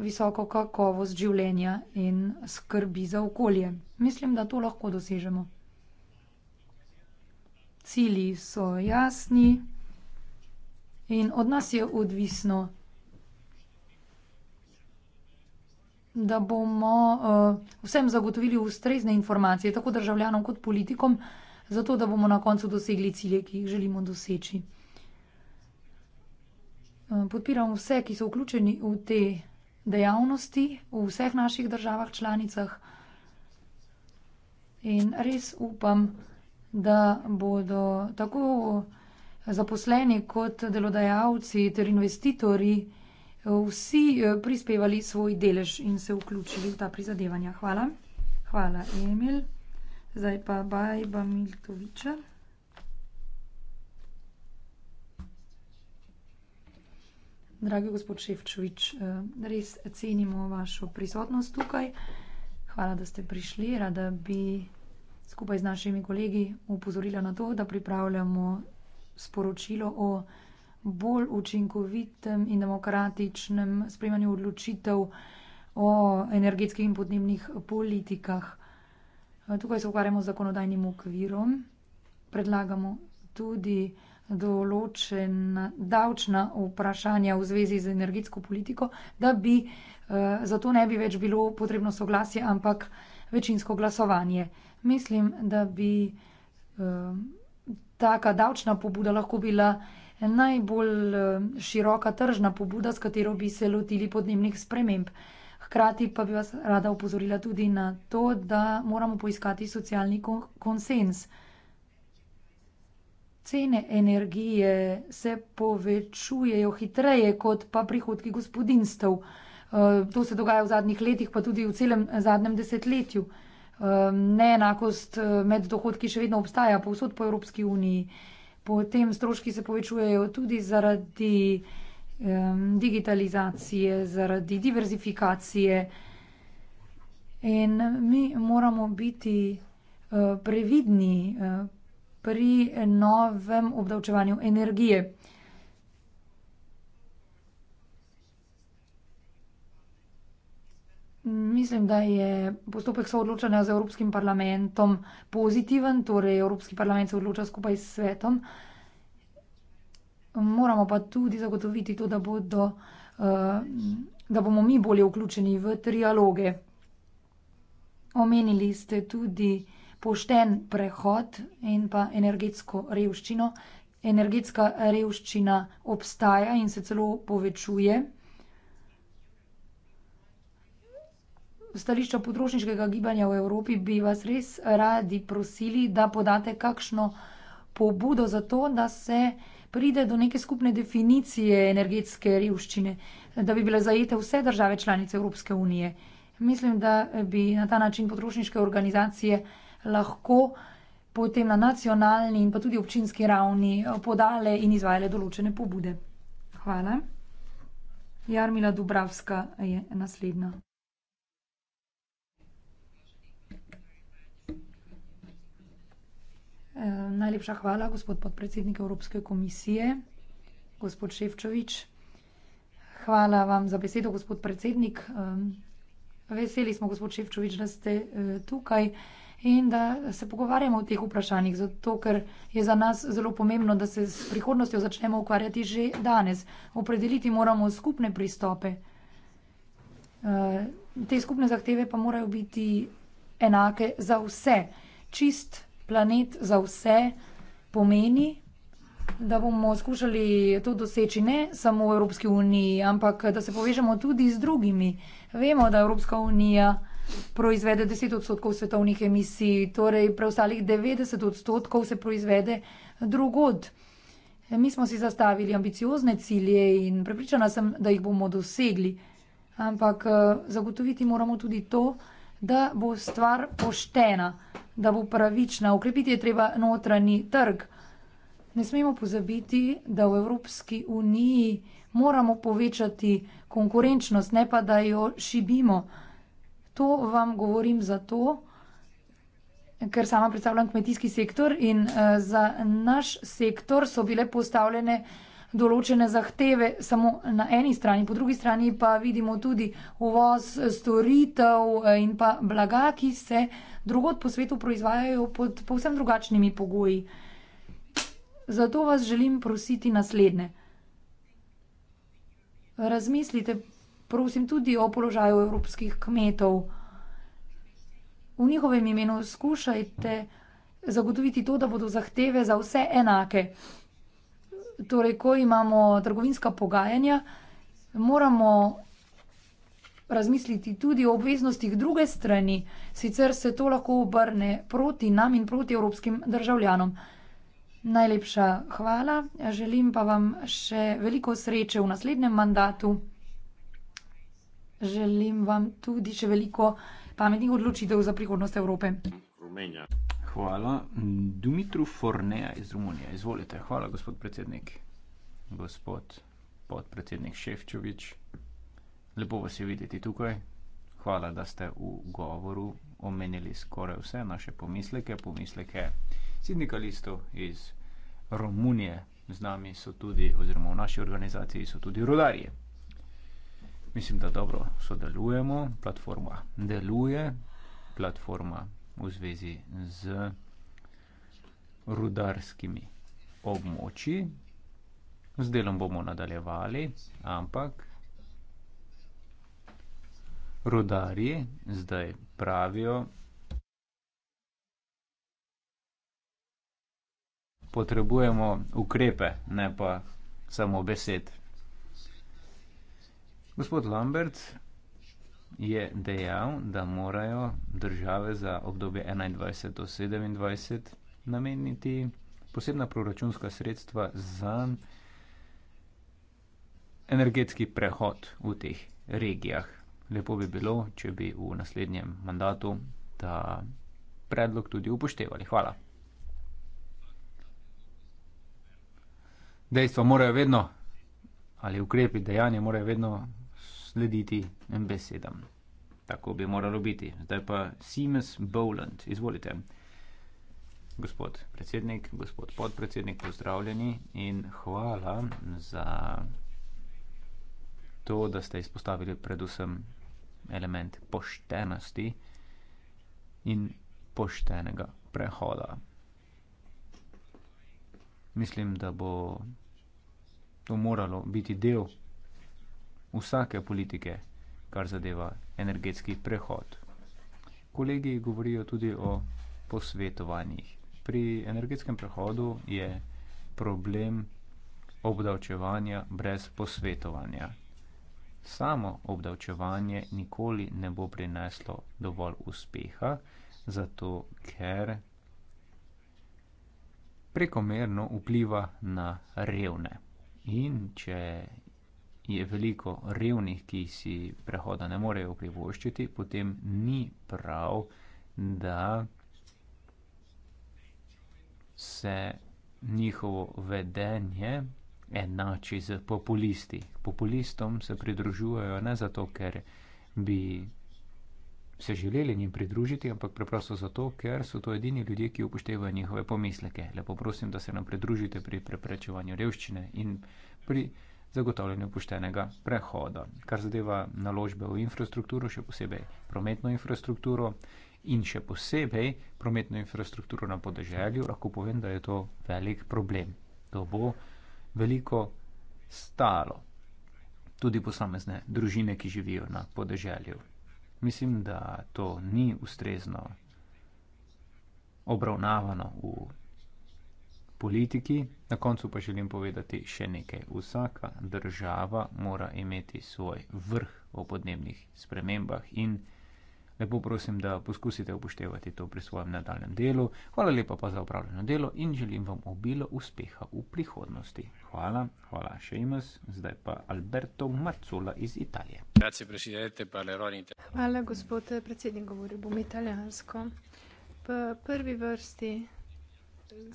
visoko kakovost življenja in skrbi za okolje. Mislim, da to lahko dosežemo. Cili so jasni in od nas je odvisno, da bomo uh, vsem zagotovili ustrezne informacije, tako državljanom kot politikom, zato da bomo na koncu dosegli cilje, ki jih želimo doseči. Uh, podpiram vse, ki so vključeni v te dejavnosti v vseh naših državah članicah. In res upam, da bodo tako zaposleni kot delodajalci ter investitorji eh, vsi eh, prispevali svoj delež in se vključili v ta prizadevanja. Hvala. Hvala, Emil. Zdaj pa bajba Miltoviča. Dragi gospod Ševčovič, eh, res cenimo vašo prisotnost tukaj. Hvala, da ste prišli. Rada bi skupaj z našimi kolegi upozorila na to, da pripravljamo sporočilo o bolj učinkovitem in demokratičnem sprejmanju odločitev o energetskih in podnebnih politikah. Eh, tukaj se ukvarjamo z zakonodajnim okvirom. Predlagamo tudi določena davčna vprašanja v zvezi z energetsko politiko, da bi eh, zato ne bi več bilo potrebno soglasje, ampak večinsko glasovanje. Mislim, da bi eh, taka davčna pobuda lahko bila najbolj eh, široka tržna pobuda, s katero bi se lotili podnebnih sprememb. Hkrati pa bi vas rada upozorila tudi na to, da moramo poiskati socialni konsens cene energije se povečujejo hitreje kot pa prihodki gospodinstv. Eh, to se dogaja v zadnjih letih, pa tudi v celem zadnjem desetletju. Eh, neenakost eh, med dohodki še vedno obstaja povsod po Evropski uniji. Potem stroški se povečujejo tudi zaradi digitalizacije, zaradi diverzifikacije. In mi moramo biti previdni, pri novem obdavčevanju energije. Mislim, da je postopek soodločanja z Evropskim parlamentom pozitiven, torej Evropski parlament se odloča skupaj s svetom. Moramo pa tudi zagotoviti to, da, bodo, eh, da bomo mi bolje vključeni v trialoge. Omenili ste tudi pošten prehod in pa energetsko revščino. Energetska revščina obstaja in se celo povečuje. Stališča potrošniškega gibanja v Evropi bi vas res radi prosili, da podate kakšno pobudo za to, da se pride do neke skupne definicije energetske revščine, da bi bile zajete vse države članice Evropske unije. Mislim, da bi na ta način potrošniške organizacije lahko potem na nacionalni in pa tudi občinski ravni eh, podale in izvajale določene pobude. Hvala. Jarmila Dubravska je naslednja. Eh, najlepša hvala, gospod podpredsednik Evropske komisije, gospod Ševčovič. Hvala vam za besedo, gospod predsednik. Ehm, veseli smo, gospod Ševčovič, da ste eh, tukaj in da se pogovarjamo o teh vprašanjih, zato ker je za nas zelo pomembno, da se s prihodnostjo začnemo ukvarjati že danes. Opredeliti moramo skupne pristope. Eh, te skupne zahteve pa morajo biti enake za vse. Čist planet za vse pomeni, da bomo skušali to doseči ne samo v Evropski uniji, ampak da se povežemo tudi z drugimi. Vemo, da Evropska unija proizvede 10 odstotkov svetovnih emisij, torej preostalih 90 odstotkov se proizvede drugod. Mi smo si zastavili ambiciozne cilje in prepričana sem, da jih bomo dosegli. Ampak zagotoviti moramo tudi to, da bo stvar poštena, da bo pravična. Ukrepiti je treba notranji trg. Ne smemo pozabiti, da v Evropski uniji moramo povečati konkurenčnost, ne pa da jo šibimo. To vam govorim zato, ker sama predstavljam kmetijski sektor in uh, za naš sektor so bile postavljene določene zahteve samo na eni strani, po drugi strani pa vidimo tudi uvoz storitev eh, in pa blaga, ki se drugot po svetu proizvajajo pod povsem drugačnimi pogoji. Zato vas želim prositi naslednje. Razmislite prosim tudi o položaju evropskih kmetov. V njihovem imenu skušajte zagotoviti to, da bodo zahteve za vse enake. Torej, ko imamo trgovinska pogajanja, moramo razmisliti tudi o obveznostih druge strani, sicer se to lahko obrne proti nam in proti evropskim državljanom. Najlepša hvala, želim pa vam še veliko sreče v naslednjem mandatu. Želim vam tudi še veliko pametnih odločitev za prihodnost Evrope. Rumenja. Hvala. Dumitru Forneja iz Romunije. Izvolite. Hvala, gospod predsednik. Gospod podpredsednik Ševčovič. Lepo vas je videti tukaj. Hvala, da ste v govoru omenili skoraj vse naše pomisleke, pomisleke sindikalistov iz Romunije. Z nami so tudi, oziroma v naši organizaciji so tudi rodarje mislim, da dobro sodelujemo, platforma deluje, platforma v zvezi z rudarskimi območji. Z delom bomo nadaljevali, ampak rudarji zdaj pravijo, potrebujemo ukrepe, ne pa samo besed. Gospod Lambert je dejal, da morajo države za obdobje 21 do 27 nameniti posebna proračunska sredstva za energetski prehod v teh regijah. Lepo bi bilo, če bi v naslednjem mandatu ta predlog tudi upoštevali. Hvala. Dejstva morajo vedno, ali ukrepi, dejanja morajo vedno slediti besedam. Tako bi moralo biti. Zdaj pa Siemens Bowland, izvolite. Gospod predsednik, gospod podpredsednik, pozdravljeni in hvala za to, da ste izpostavili predvsem element poštenosti in poštenega prehoda. Mislim, da bo to moralo biti del vsake politike, kar zadeva energetski prehod. Kolegi govorijo tudi o posvetovanjih. Pri energetskem prehodu je problem obdavčevanja brez posvetovanja. Samo obdavčevanje nikoli ne bo prineslo dovolj uspeha, zato ker prekomerno vpliva na revne. In če je veliko revnih, ki si prehoda ne morejo privoščiti, potem ni prav, da se njihovo vedenje enači z populisti. Populistom se pridružujejo ne zato, ker bi se želeli njim pridružiti, ampak preprosto zato, ker so to edini ljudje, ki upoštevajo njihove pomisleke. Lepo prosim, da se nam pridružite pri preprečevanju revščine in pri preprečevanju revščine zagotavljanju poštenega prehoda. Kar zadeva naložbe v infrastrukturo, še posebej prometno infrastrukturo in še posebej prometno infrastrukturo na podeželju, lahko povem, da je to velik problem. To bo veliko stalo tudi posamezne družine, ki živijo na podeželju. Mislim, da to ni ustrezno obravnavano v politiki. Na koncu pa želim povedati še nekaj. Vsaka država mora imeti svoj vrh o podnebnih spremembah in lepo prosim, da poskusite upoštevati to pri svojem nadaljem delu. Hvala lepa pa za upravljeno delo in želim vam obilo uspeha v prihodnosti. Hvala, hvala še imes, zdaj pa Alberto Marcola iz Italije. Hvala, gospod eh, predsednik, govoril bom italijansko. V prvi vrsti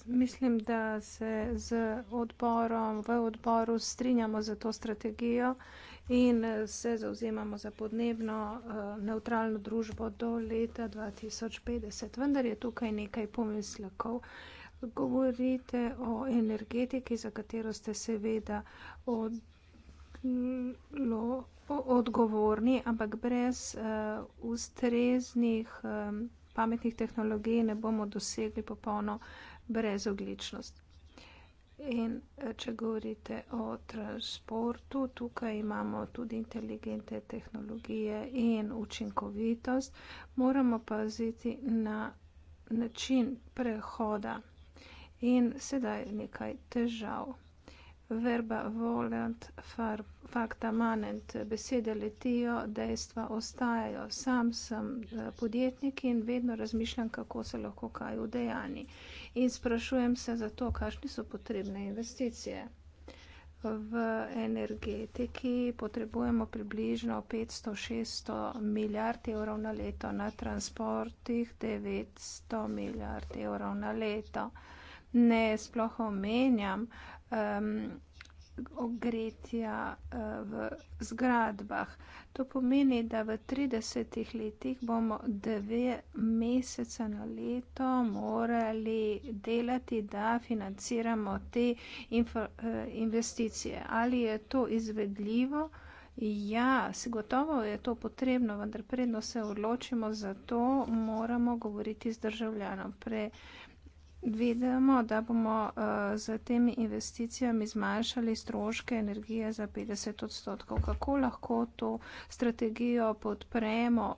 Mislim, da se z odborom v odboru strinjamo za to strategijo in se zauzemamo za podnebno eh, neutralno družbo do leta 2050. Vendar je tukaj nekaj pomislekov. Govorite o energetiki, za katero ste seveda odlo, odgovorni, ampak brez uh, ustreznih um, pametnih tehnologij ne bomo dosegli popolno uh, brezogličnost. In eh, če govorite o transportu, tukaj imamo tudi inteligente tehnologije in učinkovitost, moramo paziti na način prehoda in sedaj nekaj težav. Verba volant, far, fakta manent, besede letijo, dejstva ostajajo. Sam sem eh, podjetnik in vedno razmišljam, kako se lahko kaj udejani. In sprašujem se zato, kakšne so potrebne investicije. V energetiki potrebujemo približno 500-600 milijard evrov na leto, na transportih 900 milijard evrov na leto. Ne sploh omenjam. Um, ogretja eh, v zgradbah. To pomeni, da v 30 letih bomo dve mesece na leto morali delati, da financiramo te eh, investicije. Ali je to izvedljivo? Ja, se gotovo je to potrebno, vendar predno se odločimo za to, moramo govoriti z državljanom. Pre, uh, Vidimo, da bomo uh, eh, z temi investicijami zmanjšali stroške energije za 50 odstotkov. Kako lahko to strategijo podpremo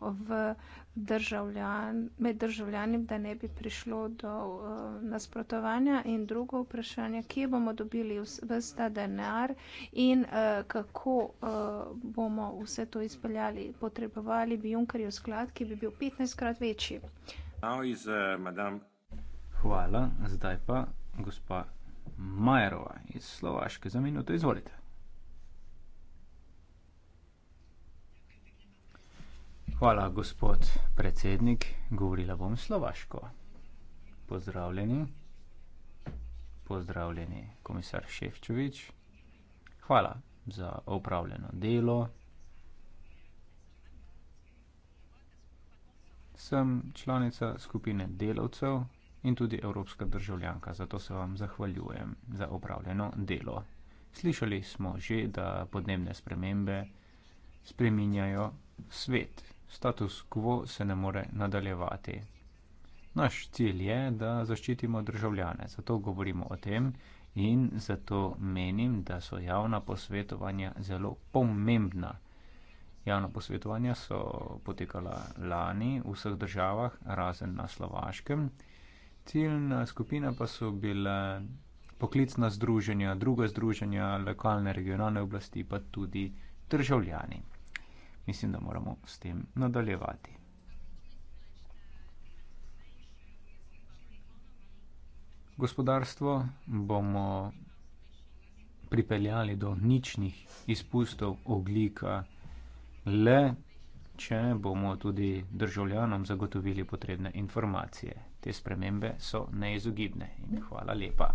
državljan, med državljanjem, da ne bi prišlo do uh, nasprotovanja? In drugo vprašanje, kje bomo dobili vse ta denar in uh, kako uh, bomo vse to izpeljali? Potrebovali bi Junkerjev sklad, ki bi bil 15 krat večji. Now is, uh, Hvala. Zdaj pa gospa Majerova iz Slovaške za minuto. Izvolite. Hvala, gospod predsednik. Govorila bom slovaško. Pozdravljeni. Pozdravljeni, komisar Ševčovič. Hvala za opravljeno delo. Sem članica skupine delavcev, in tudi evropska državljanka, zato se vam zahvaljujem za opravljeno delo. Slišali smo že, da podnebne spremembe spreminjajo svet. Status quo se ne more nadaljevati. Naš cilj je, da zaščitimo državljane, zato govorimo o tem in zato menim, da so javna posvetovanja zelo pomembna. Javna posvetovanja so potekala lani v vseh državah, razen na Slovaškem ciljna skupina pa so bile poklicna združenja, druga združenja, lokalne, regionalne oblasti, pa tudi državljani. Mislim, da moramo s tem nadaljevati. Gospodarstvo bomo pripeljali do ničnih izpustov oglika, le če bomo tudi državljanom zagotovili potrebne informacije te spremembe so neizogibne. In hvala lepa.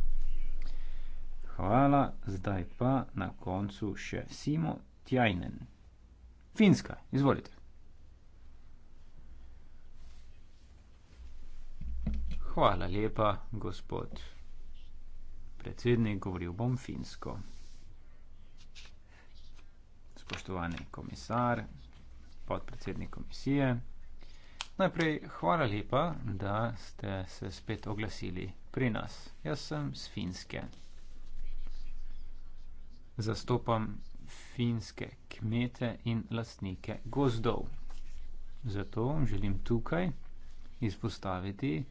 Hvala, zdaj pa na koncu še Simo Tjajnen. Finska, izvolite. Hvala lepa, gospod predsednik, govoril bom finsko. Spoštovani komisar, podpredsednik komisije. Najprej hvala lepa, da ste se spet oglasili pri nas. Jaz sem z Finske. Zastopam finske kmete in lastnike gozdov. Zato želim tukaj izpostaviti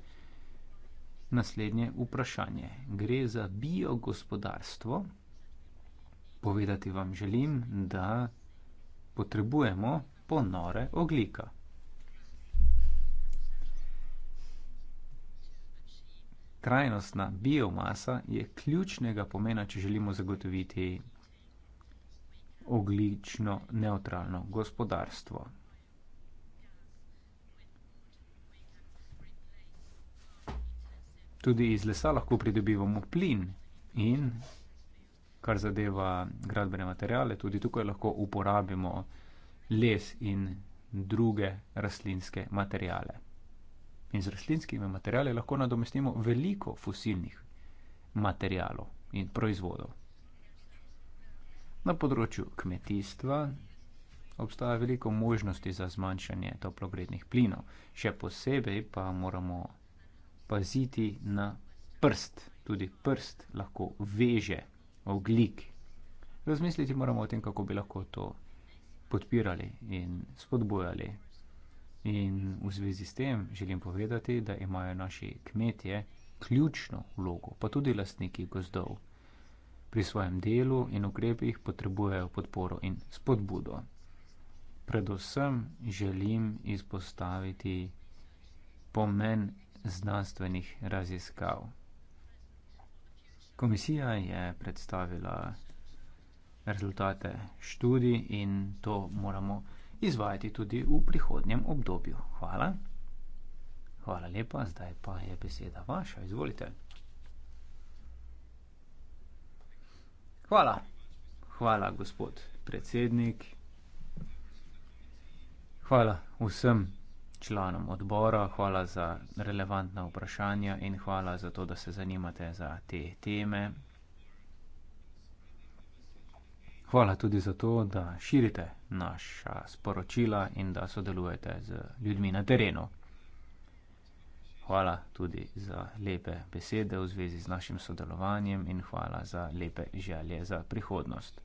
naslednje vprašanje. Gre za biogospodarstvo. Povedati vam želim, da potrebujemo ponore oglika. trajnostna biomasa je ključnega pomena, če želimo zagotoviti oglično neutralno gospodarstvo. Tudi iz lesa lahko pridobivamo plin in kar zadeva gradbene materijale, tudi tukaj lahko uporabimo les in druge rastlinske materijale in z rastlinskimi materijali lahko nadomestimo veliko fosilnih materijalov in proizvodov. Na področju kmetijstva obstaja veliko možnosti za zmanjšanje toplogrednih plinov, še posebej pa moramo paziti na prst. Tudi prst lahko veže oglik. Razmisliti moramo o tem, kako bi lahko to podpirali in spodbojali In v zvezi s tem želim povedati, da imajo naši kmetje ključno vlogo, pa tudi lastniki gozdov. Pri svojem delu in ukrepih potrebujejo podporo in spodbudo. Predvsem želim izpostaviti pomen znanstvenih raziskav. Komisija je predstavila rezultate študij in to moramo izvajati tudi v prihodnjem obdobju. Hvala. Hvala lepa, zdaj pa je beseda vaša, izvolite. Hvala. Hvala, gospod predsednik. Hvala vsem članom odbora, hvala za relevantna vprašanja in hvala za to, da se zanimate za te teme, Hvala tudi za to, da širite naša sporočila in da sodelujete z ljudmi na terenu. Hvala tudi za lepe besede v zvezi z našim sodelovanjem in hvala za lepe želje za prihodnost.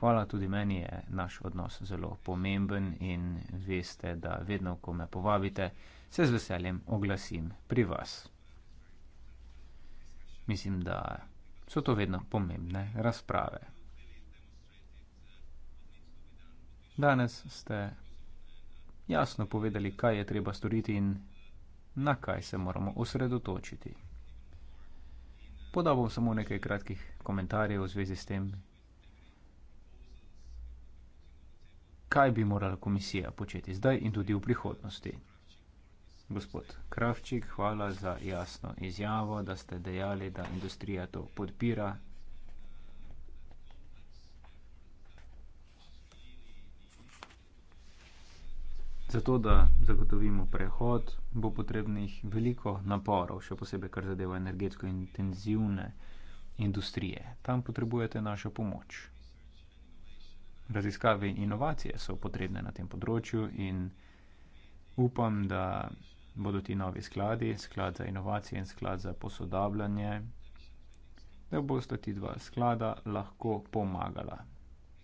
Hvala tudi meni je naš odnos zelo pomemben in veste, da vedno, ko me povabite, se z veseljem oglasim pri vas. Mislim, da so to vedno pomembne razprave. Danes ste jasno povedali, kaj je treba storiti in na kaj se moramo osredotočiti. Podal bom samo nekaj kratkih komentarjev v zvezi s tem, kaj bi morala komisija početi zdaj in tudi v prihodnosti. Gospod Kravčik, hvala za jasno izjavo, da ste dejali, da industrija to podpira Zato, da zagotovimo prehod, bo potrebnih veliko naporov, še posebej, kar zadeva energetsko intenzivne industrije. Tam potrebujete našo pomoč. Raziskave in inovacije so potrebne na tem področju in upam, da bodo ti novi skladi, sklad za inovacije in sklad za posodabljanje, da bosta ti dva sklada lahko pomagala.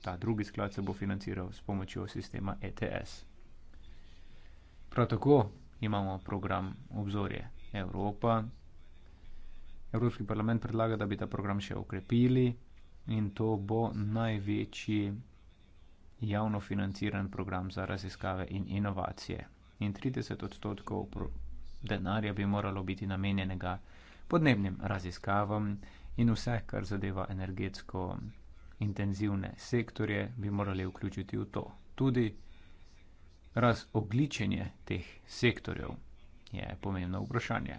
Ta drugi sklad se bo financiral s pomočjo sistema ETS. Prav tako imamo program obzorje Evropa. Evropski parlament predlaga, da bi ta program še okrepili in to bo največji javno financiran program za raziskave in inovacije. In 30 odstotkov denarja bi moralo biti namenjenega podnebnim raziskavam in vse, kar zadeva energetsko intenzivne sektorje, bi morali vključiti v to. Tudi razogličenje teh sektorjev? Je pomembno vprašanje.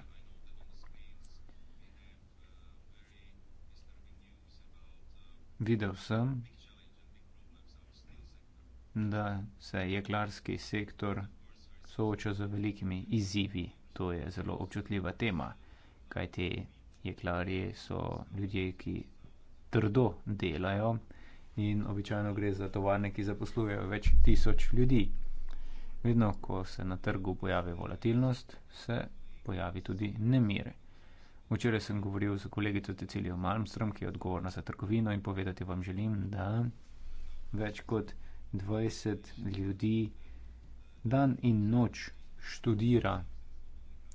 Videl sem, da se jeklarski sektor sooča z velikimi izzivi. To je zelo občutljiva tema, kajti jeklarji so ljudje, ki trdo delajo in običajno gre za tovarne, ki zaposlujejo več tisoč ljudi. Vedno, ko se na trgu pojavi volatilnost, se pojavi tudi nemir. Včeraj sem govoril z kolegico Cecilijo Malmström, ki je odgovorna za trgovino in povedati vam želim, da več kot 20 ljudi dan in noč študira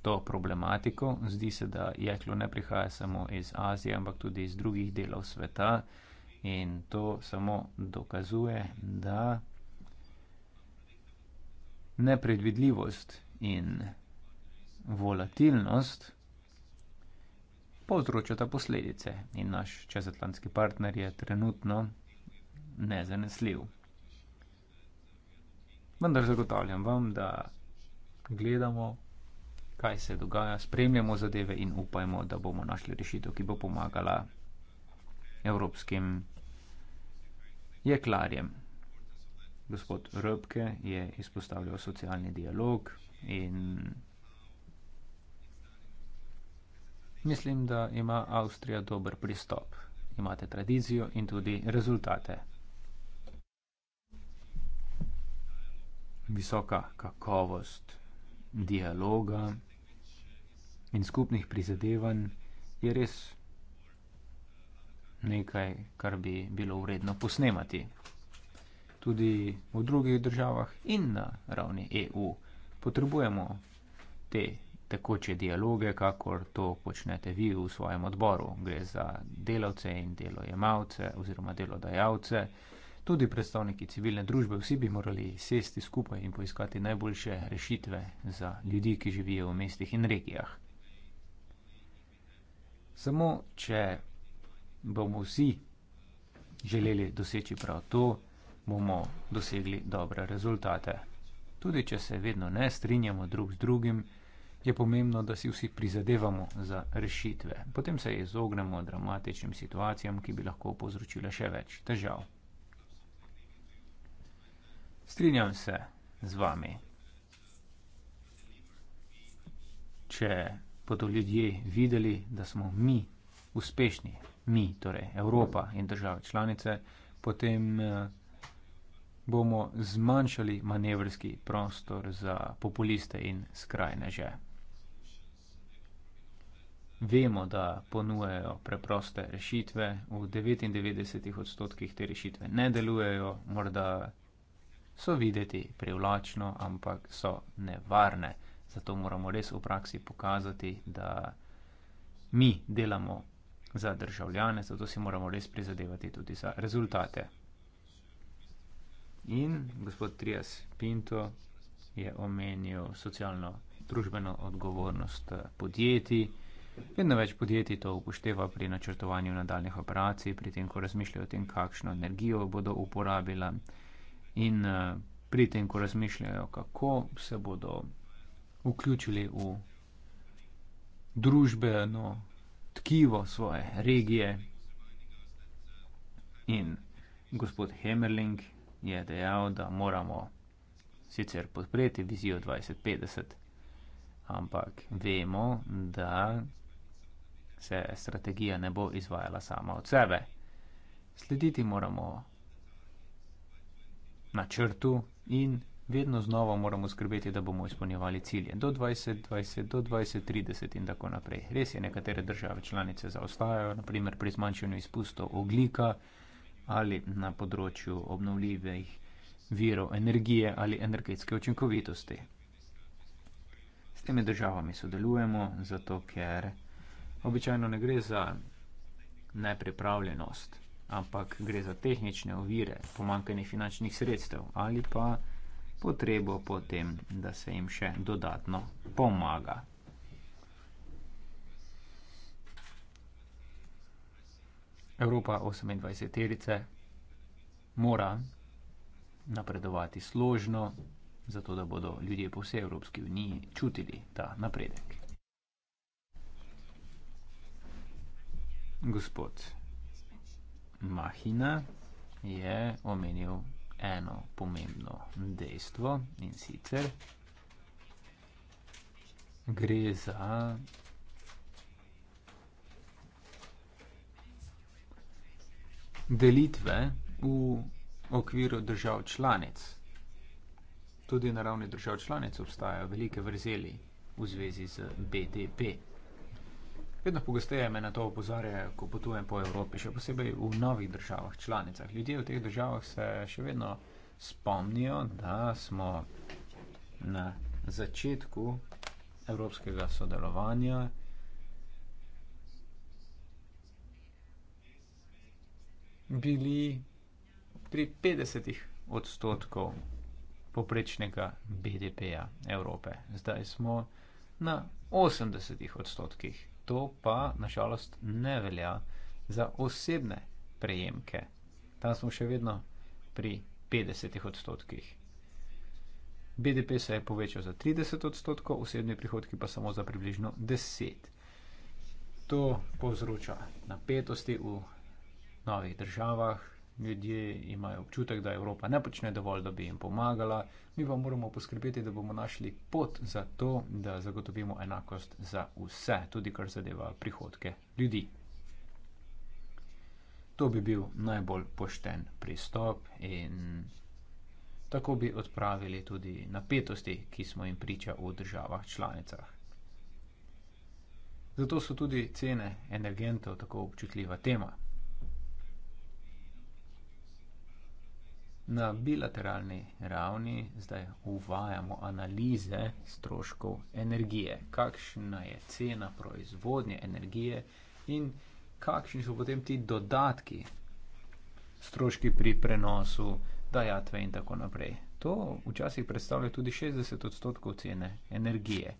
to problematiko. Zdi se, da jeklo ne prihaja samo iz Azije, ampak tudi iz drugih delov sveta in to samo dokazuje, da nepredvidljivost in volatilnost povzročata posledice in naš čezatlantski partner je trenutno nezanesljiv. Vendar zagotavljam vam, da gledamo, kaj se dogaja, spremljamo zadeve in upajmo, da bomo našli rešitev, ki bo pomagala evropskim jeklarjem gospod Röpke je izpostavljal socialni dialog in mislim, da ima Avstrija dober pristop. Imate tradicijo in tudi rezultate. Visoka kakovost dialoga in skupnih prizadevanj je res nekaj, kar bi bilo vredno posnemati tudi v drugih državah in na ravni EU. Potrebujemo te tekoče dialoge, kakor to počnete vi v svojem odboru. Gre za delavce in delojemalce oziroma delodajalce, tudi predstavniki civilne družbe. Vsi bi morali sesti skupaj in poiskati najboljše rešitve za ljudi, ki živijo v mestih in regijah. Samo, če bomo vsi želeli doseči prav to, bomo dosegli dobre rezultate. Tudi če se vedno ne strinjamo drug z drugim, je pomembno, da si vsi prizadevamo za rešitve. Potem se izognemo dramatičnim situacijam, ki bi lahko povzročile še več težav. Strinjam se z vami. Če bodo ljudje videli, da smo mi uspešni, mi, torej Evropa in države članice, potem. Eh, bomo zmanjšali manevrski prostor za populiste in skrajneže. Vemo, da ponujejo preproste rešitve, v 99 odstotkih te rešitve ne delujejo, morda so videti privlačno, ampak so nevarne. Zato moramo res v praksi pokazati, da mi delamo za državljane, zato si moramo res prizadevati tudi za rezultate. In gospod Trias Pinto je omenil socialno družbeno odgovornost eh, podjetij. Vedno več podjetij to upošteva pri načrtovanju nadaljnih operacij, pri tem, ko razmišljajo o tem, kakšno energijo bodo uporabila in eh, pri tem, ko razmišljajo, kako se bodo vključili v družbeno tkivo svoje regije. In gospod Hemerling je dejal, da moramo sicer podpreti vizijo 2050, ampak vemo, da se strategija ne bo izvajala sama od sebe. Slediti moramo načrtu in vedno znova moramo skrbeti, da bomo izpolnjevali cilje do 2020, do 2030 in tako naprej. Res je, nekatere države članice zaostajajo, naprimer pri zmanjšanju izpustov oglika, ali na področju obnovljivih virov energije ali energetske učinkovitosti. S temi državami sodelujemo, zato ker običajno ne gre za nepripravljenost, ampak gre za tehnične ovire, pomankanje finančnih sredstev ali pa potrebo potem, da se jim še dodatno pomaga. Evropa 28-terice mora napredovati složno, zato da bodo ljudje po vsej Evropski uniji čutili ta napredek. Gospod Mahina je omenil eno pomembno dejstvo in sicer gre za delitve v okviru držav članic. Tudi na ravni držav članic obstajajo velike vrzeli v zvezi z BDP. Vedno pogosteje me na to opozarjajo, ko potujem po Evropi, še posebej v novih državah članicah. Ljudje v teh državah se še vedno spomnijo, da smo na začetku evropskega sodelovanja bili pri 50 odstotkov poprečnega BDP-ja Evrope. Zdaj smo na 80 odstotkih. To pa nažalost ne velja za osebne prejemke. Tam smo še vedno pri 50 odstotkih. BDP se je povečal za 30 odstotkov, osebni prihodki pa samo za približno 10. To povzroča napetosti v novih državah, ljudje imajo občutek, da Evropa ne počne dovolj, da bi jim pomagala, mi pa moramo poskrbeti, da bomo našli pot za to, da zagotovimo enakost za vse, tudi kar zadeva prihodke ljudi. To bi bil najbolj pošten pristop in tako bi odpravili tudi napetosti, ki smo jim priča v državah članicah. Zato so tudi cene energentov tako občutljiva tema. Na bilateralni ravni zdaj uvajamo analize stroškov energije, kakšna je cena proizvodnje energije in kakšni so potem ti dodatki, stroški pri prenosu, dajatve in tako naprej. To včasih predstavlja tudi 60 odstotkov cene energije.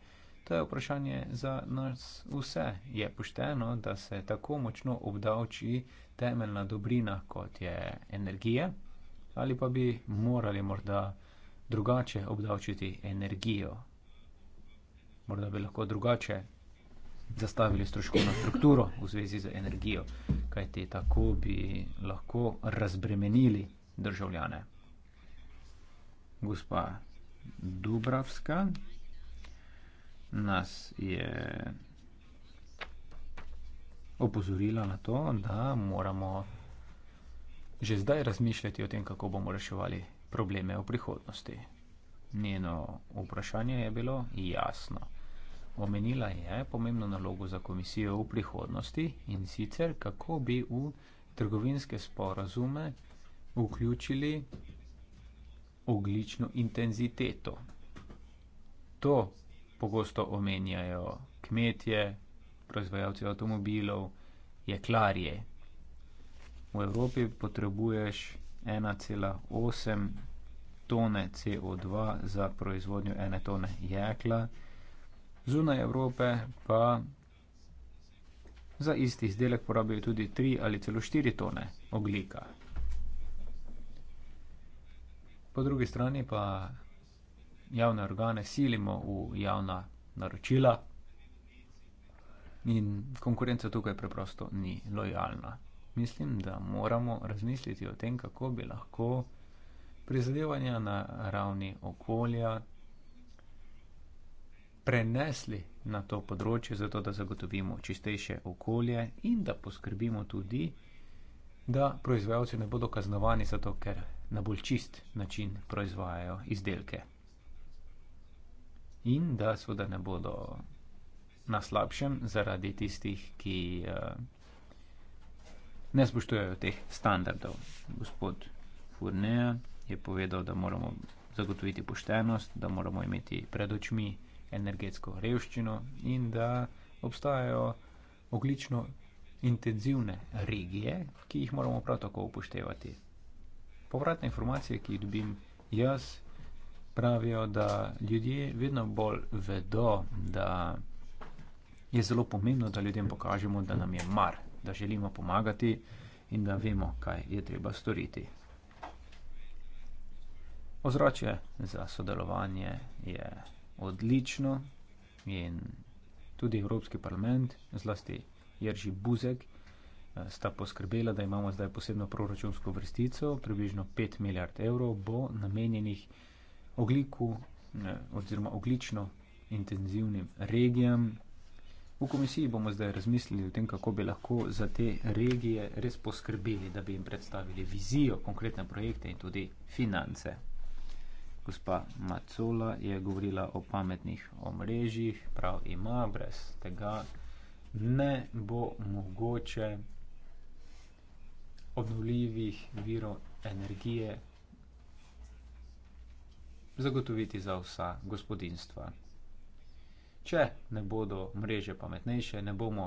To je vprašanje za nas vse. Je pošteno, da se tako močno obdavči temeljna dobrina, kot je energija? ali pa bi morali morda drugače obdavčiti energijo. Morda bi lahko drugače zastavili stroškovno strukturo v zvezi z energijo, kajti tako bi lahko razbremenili državljane. Gospa Dubravska nas je opozorila na to, da moramo že zdaj razmišljati o tem, kako bomo reševali probleme v prihodnosti. Njeno vprašanje je bilo jasno. Omenila je pomembno nalogo za komisijo v prihodnosti in sicer kako bi v trgovinske sporazume vključili oglično intenziteto. To pogosto omenjajo kmetje, proizvajalci avtomobilov, jeklarje, V Evropi potrebuješ 1,8 tone CO2 za proizvodnjo ene tone jekla, zunaj Evrope pa za isti izdelek porabijo tudi 3 ali celo 4 tone oglika. Po drugi strani pa javne organe silimo v javna naročila in konkurenca tukaj preprosto ni lojalna mislim, da moramo razmisliti o tem, kako bi lahko prizadevanja na ravni okolja prenesli na to področje, zato da zagotovimo čistejše okolje in da poskrbimo tudi, da proizvajalci ne bodo kaznovani zato, ker na bolj čist način proizvajajo izdelke. In da seveda ne bodo na slabšem zaradi tistih, ki uh, ne spoštujejo teh standardov. Gospod Furneja je povedal, da moramo zagotoviti poštenost, da moramo imeti pred očmi energetsko revščino in da obstajajo oglično intenzivne regije, ki jih moramo prav tako upoštevati. Povratne informacije, ki jih dobim jaz, pravijo, da ljudje vedno bolj vedo, da je zelo pomembno, da ljudem pokažemo, da nam je mar da želimo pomagati in da vemo, kaj je treba storiti. Ozročje za sodelovanje je odlično in tudi Evropski parlament, zlasti Jerži Buzek, eh, sta poskrbela, da imamo zdaj posebno proračunsko vrstico, približno 5 milijard evrov bo namenjenih ogliku eh, oziroma oglično intenzivnim regijam, V komisiji bomo zdaj razmislili o tem, kako bi lahko za te regije res poskrbeli, da bi jim predstavili vizijo, konkretne projekte in tudi finance. Gospa Macola je govorila o pametnih omrežjih, prav ima, brez tega ne bo mogoče obnovljivih virov energije zagotoviti za vsa gospodinstva če ne bodo mreže pametnejše, ne bomo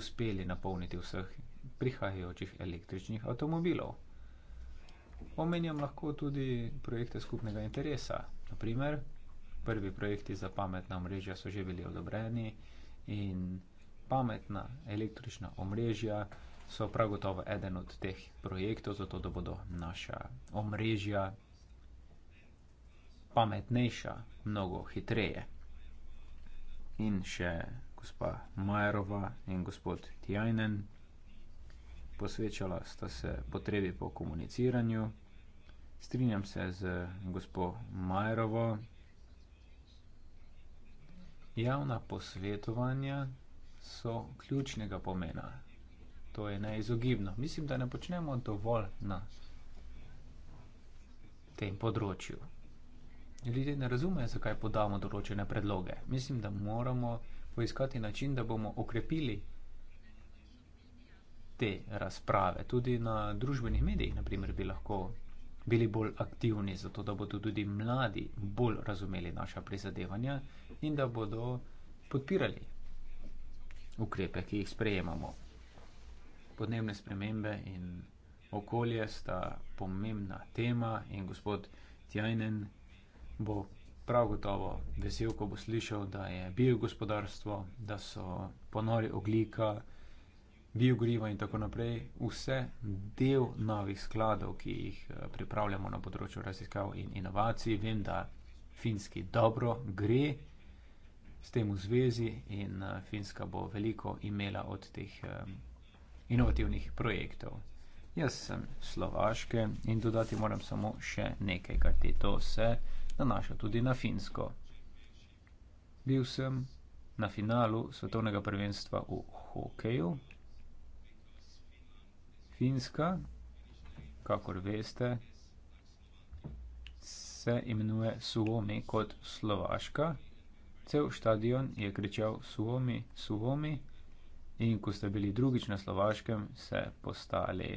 uspeli napolniti vseh prihajajočih električnih avtomobilov. Omenjam lahko tudi projekte skupnega interesa. Naprimer, prvi projekti za pametna omrežja so že bili odobreni in pametna električna omrežja so prav gotovo eden od teh projektov, zato da bodo naša omrežja pametnejša, mnogo hitreje in še gospa Majerova in gospod Tjajnen. Posvečala sta se potrebi po komuniciranju. Strinjam se z gospod Majerovo. Javna posvetovanja so ključnega pomena. To je neizogibno. Mislim, da ne počnemo dovolj na tem področju ljudje ne razumejo, zakaj podamo določene predloge. Mislim, da moramo poiskati način, da bomo okrepili te razprave. Tudi na družbenih medijih, naprimer, bi lahko bili bolj aktivni, zato da bodo tudi mladi bolj razumeli naša prizadevanja in da bodo podpirali ukrepe, ki jih sprejemamo. Podnebne spremembe in okolje sta pomembna tema in gospod Tjajnen bo prav gotovo vesel, ko bo slišal, da je biogospodarstvo, da so ponori oglika, biogoriva in tako naprej, vse del novih skladov, ki jih eh, pripravljamo na področju raziskav in inovacij. Vem, da finski dobro gre. S tem v zvezi in uh, Finska bo veliko imela od teh um, inovativnih projektov. Jaz sem slovaške in dodati moram samo še nekaj, kar ti to vse nanaša tudi na Finsko. Bil sem na finalu svetovnega prvenstva v hokeju. Finska, kakor veste, se imenuje Suomi kot Slovaška. Cel stadion je kričal Suomi, Suomi in ko ste bili drugič na Slovaškem, ste postali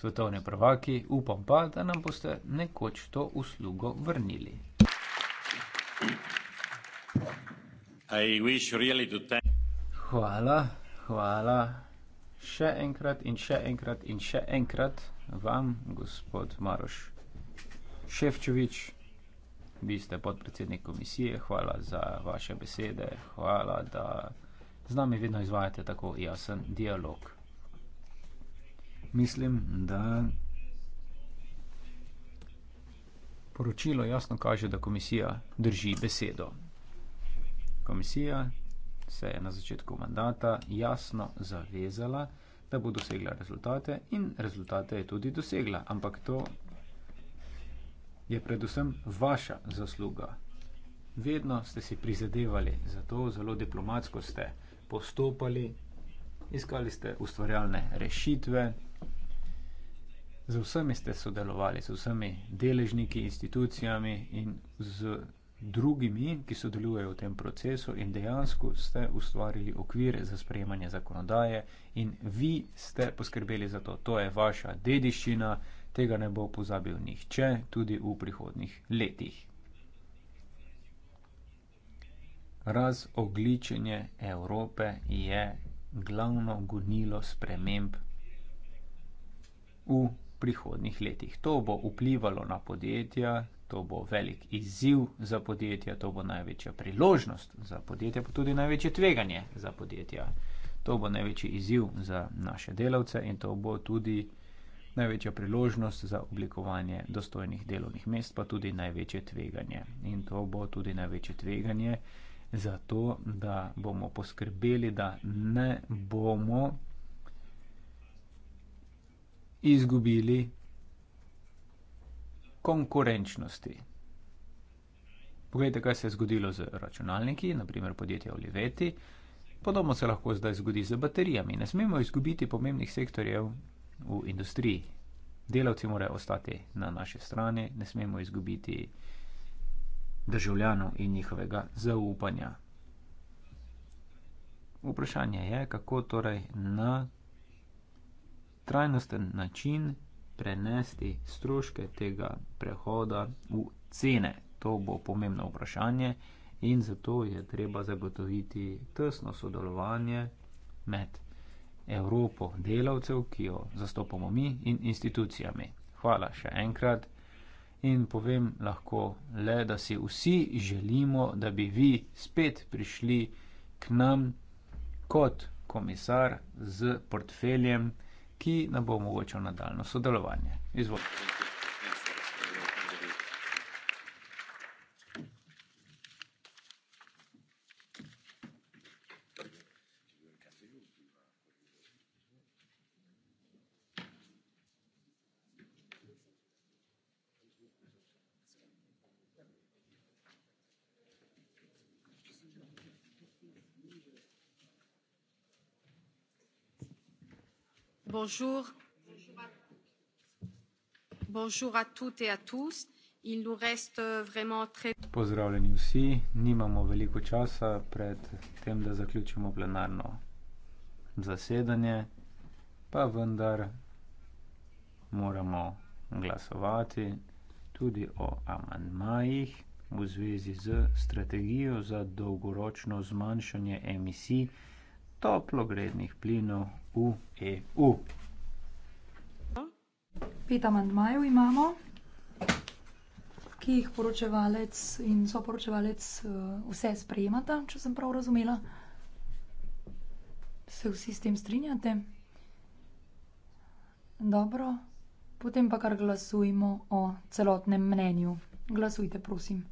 svetovne prvaki, upam pa, da nam boste nekoč to uslugo vrnili. Really hvala, hvala še enkrat in še enkrat in še enkrat vam, gospod Maroš Ševčovič. Vi ste podpredsednik komisije, hvala za vaše besede, hvala, da z nami vedno izvajate tako jasen dialog mislim, da poročilo jasno kaže, da komisija drži besedo. Komisija se je na začetku mandata jasno zavezala, da bo dosegla rezultate in rezultate je tudi dosegla, ampak to je predvsem vaša zasluga. Vedno ste si prizadevali, zato zelo diplomatsko ste postopali, iskali ste ustvarjalne rešitve. Z vsemi ste sodelovali, z vsemi deležniki, institucijami in z drugimi, ki sodelujejo v tem procesu in dejansko ste ustvarili okvire za sprejemanje zakonodaje in vi ste poskrbeli za to. To je vaša dediščina, tega ne bo pozabil nihče tudi v prihodnih letih. Razogličenje Evrope je glavno gonilo sprememb v prihodnih letih. To bo vplivalo na podjetja, to bo velik izziv za podjetja, to bo največja priložnost za podjetja, pa tudi največje tveganje za podjetja. To bo največji izziv za naše delavce in to bo tudi največja priložnost za oblikovanje dostojnih delovnih mest, pa tudi največje tveganje. In to bo tudi največje tveganje za to, da bomo poskrbeli, da ne bomo izgubili konkurenčnosti. Poglejte, kaj se je zgodilo z računalniki, naprimer podjetje Oliveti. Podobno se lahko zdaj zgodi z baterijami. Ne smemo izgubiti pomembnih sektorjev v industriji. Delavci morajo ostati na naši strani, ne smemo izgubiti državljanov in njihovega zaupanja. Vprašanje je, kako torej na trajnosten način prenesti stroške tega prehoda v cene? To bo pomembno vprašanje in zato je treba zagotoviti tesno sodelovanje med Evropo delavcev, ki jo zastopamo mi, in institucijami. Hvala še enkrat in povem lahko le, da si vsi želimo, da bi vi spet prišli k nam kot komisar z portfeljem, ki nam bo omogočil nadaljno sodelovanje. Izvolite. Euh, Pozdravljeni vsi, nimamo veliko časa pred tem, da zaključimo plenarno zasedanje, pa vendar moramo glasovati tudi o amandmajih v zvezi s strategijo za dolgoročno zmanjšanje emisij toplogrednih plinov v EU. Pet amandmajev imamo, ki jih poročevalec in soporočevalec eh, vse sprejemata, če sem prav razumela. Se vsi s tem strinjate? Dobro, potem pa kar glasujmo o celotnem mnenju. Glasujte, prosim.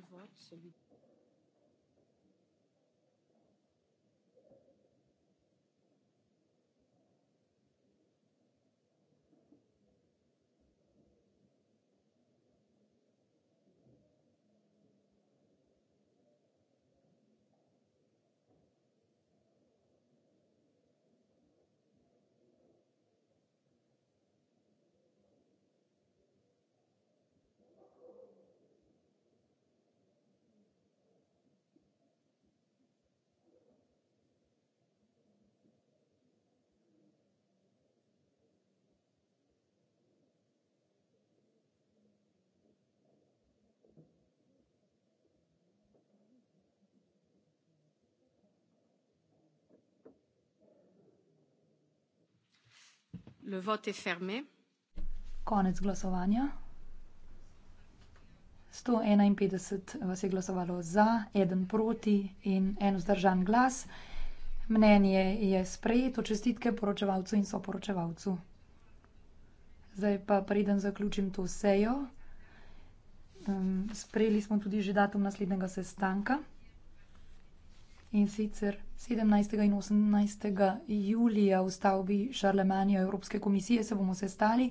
devote celui Le vote est fermé. Konec glasovanja. 151 vas je glasovalo za, eden proti in en vzdržan glas. Mnenje je sprejeto, čestitke poročevalcu in soporočevalcu. Zdaj pa preden zaključim to sejo, um, sprejeli smo tudi že datum naslednjega sestanka in sicer 17. in 18. julija v stavbi Šarlemanja Evropske komisije se bomo sestali.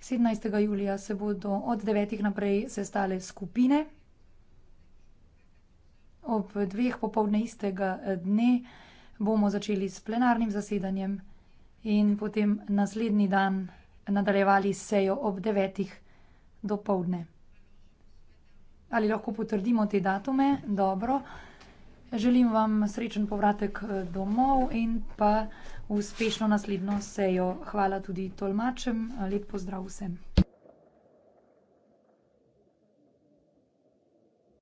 17. julija se bodo od 9. naprej sestale skupine, ob 2. popovdne istega dne bomo začeli s plenarnim zasedanjem in potem naslednji dan nadaljevali sejo ob 9. do povdne. Ali lahko potrdimo te datume? Dobro. Želim vam srečen povratek eh, domov in pa uspešno naslednjo sejo. Hvala tudi tolmačem. Lep pozdrav vsem.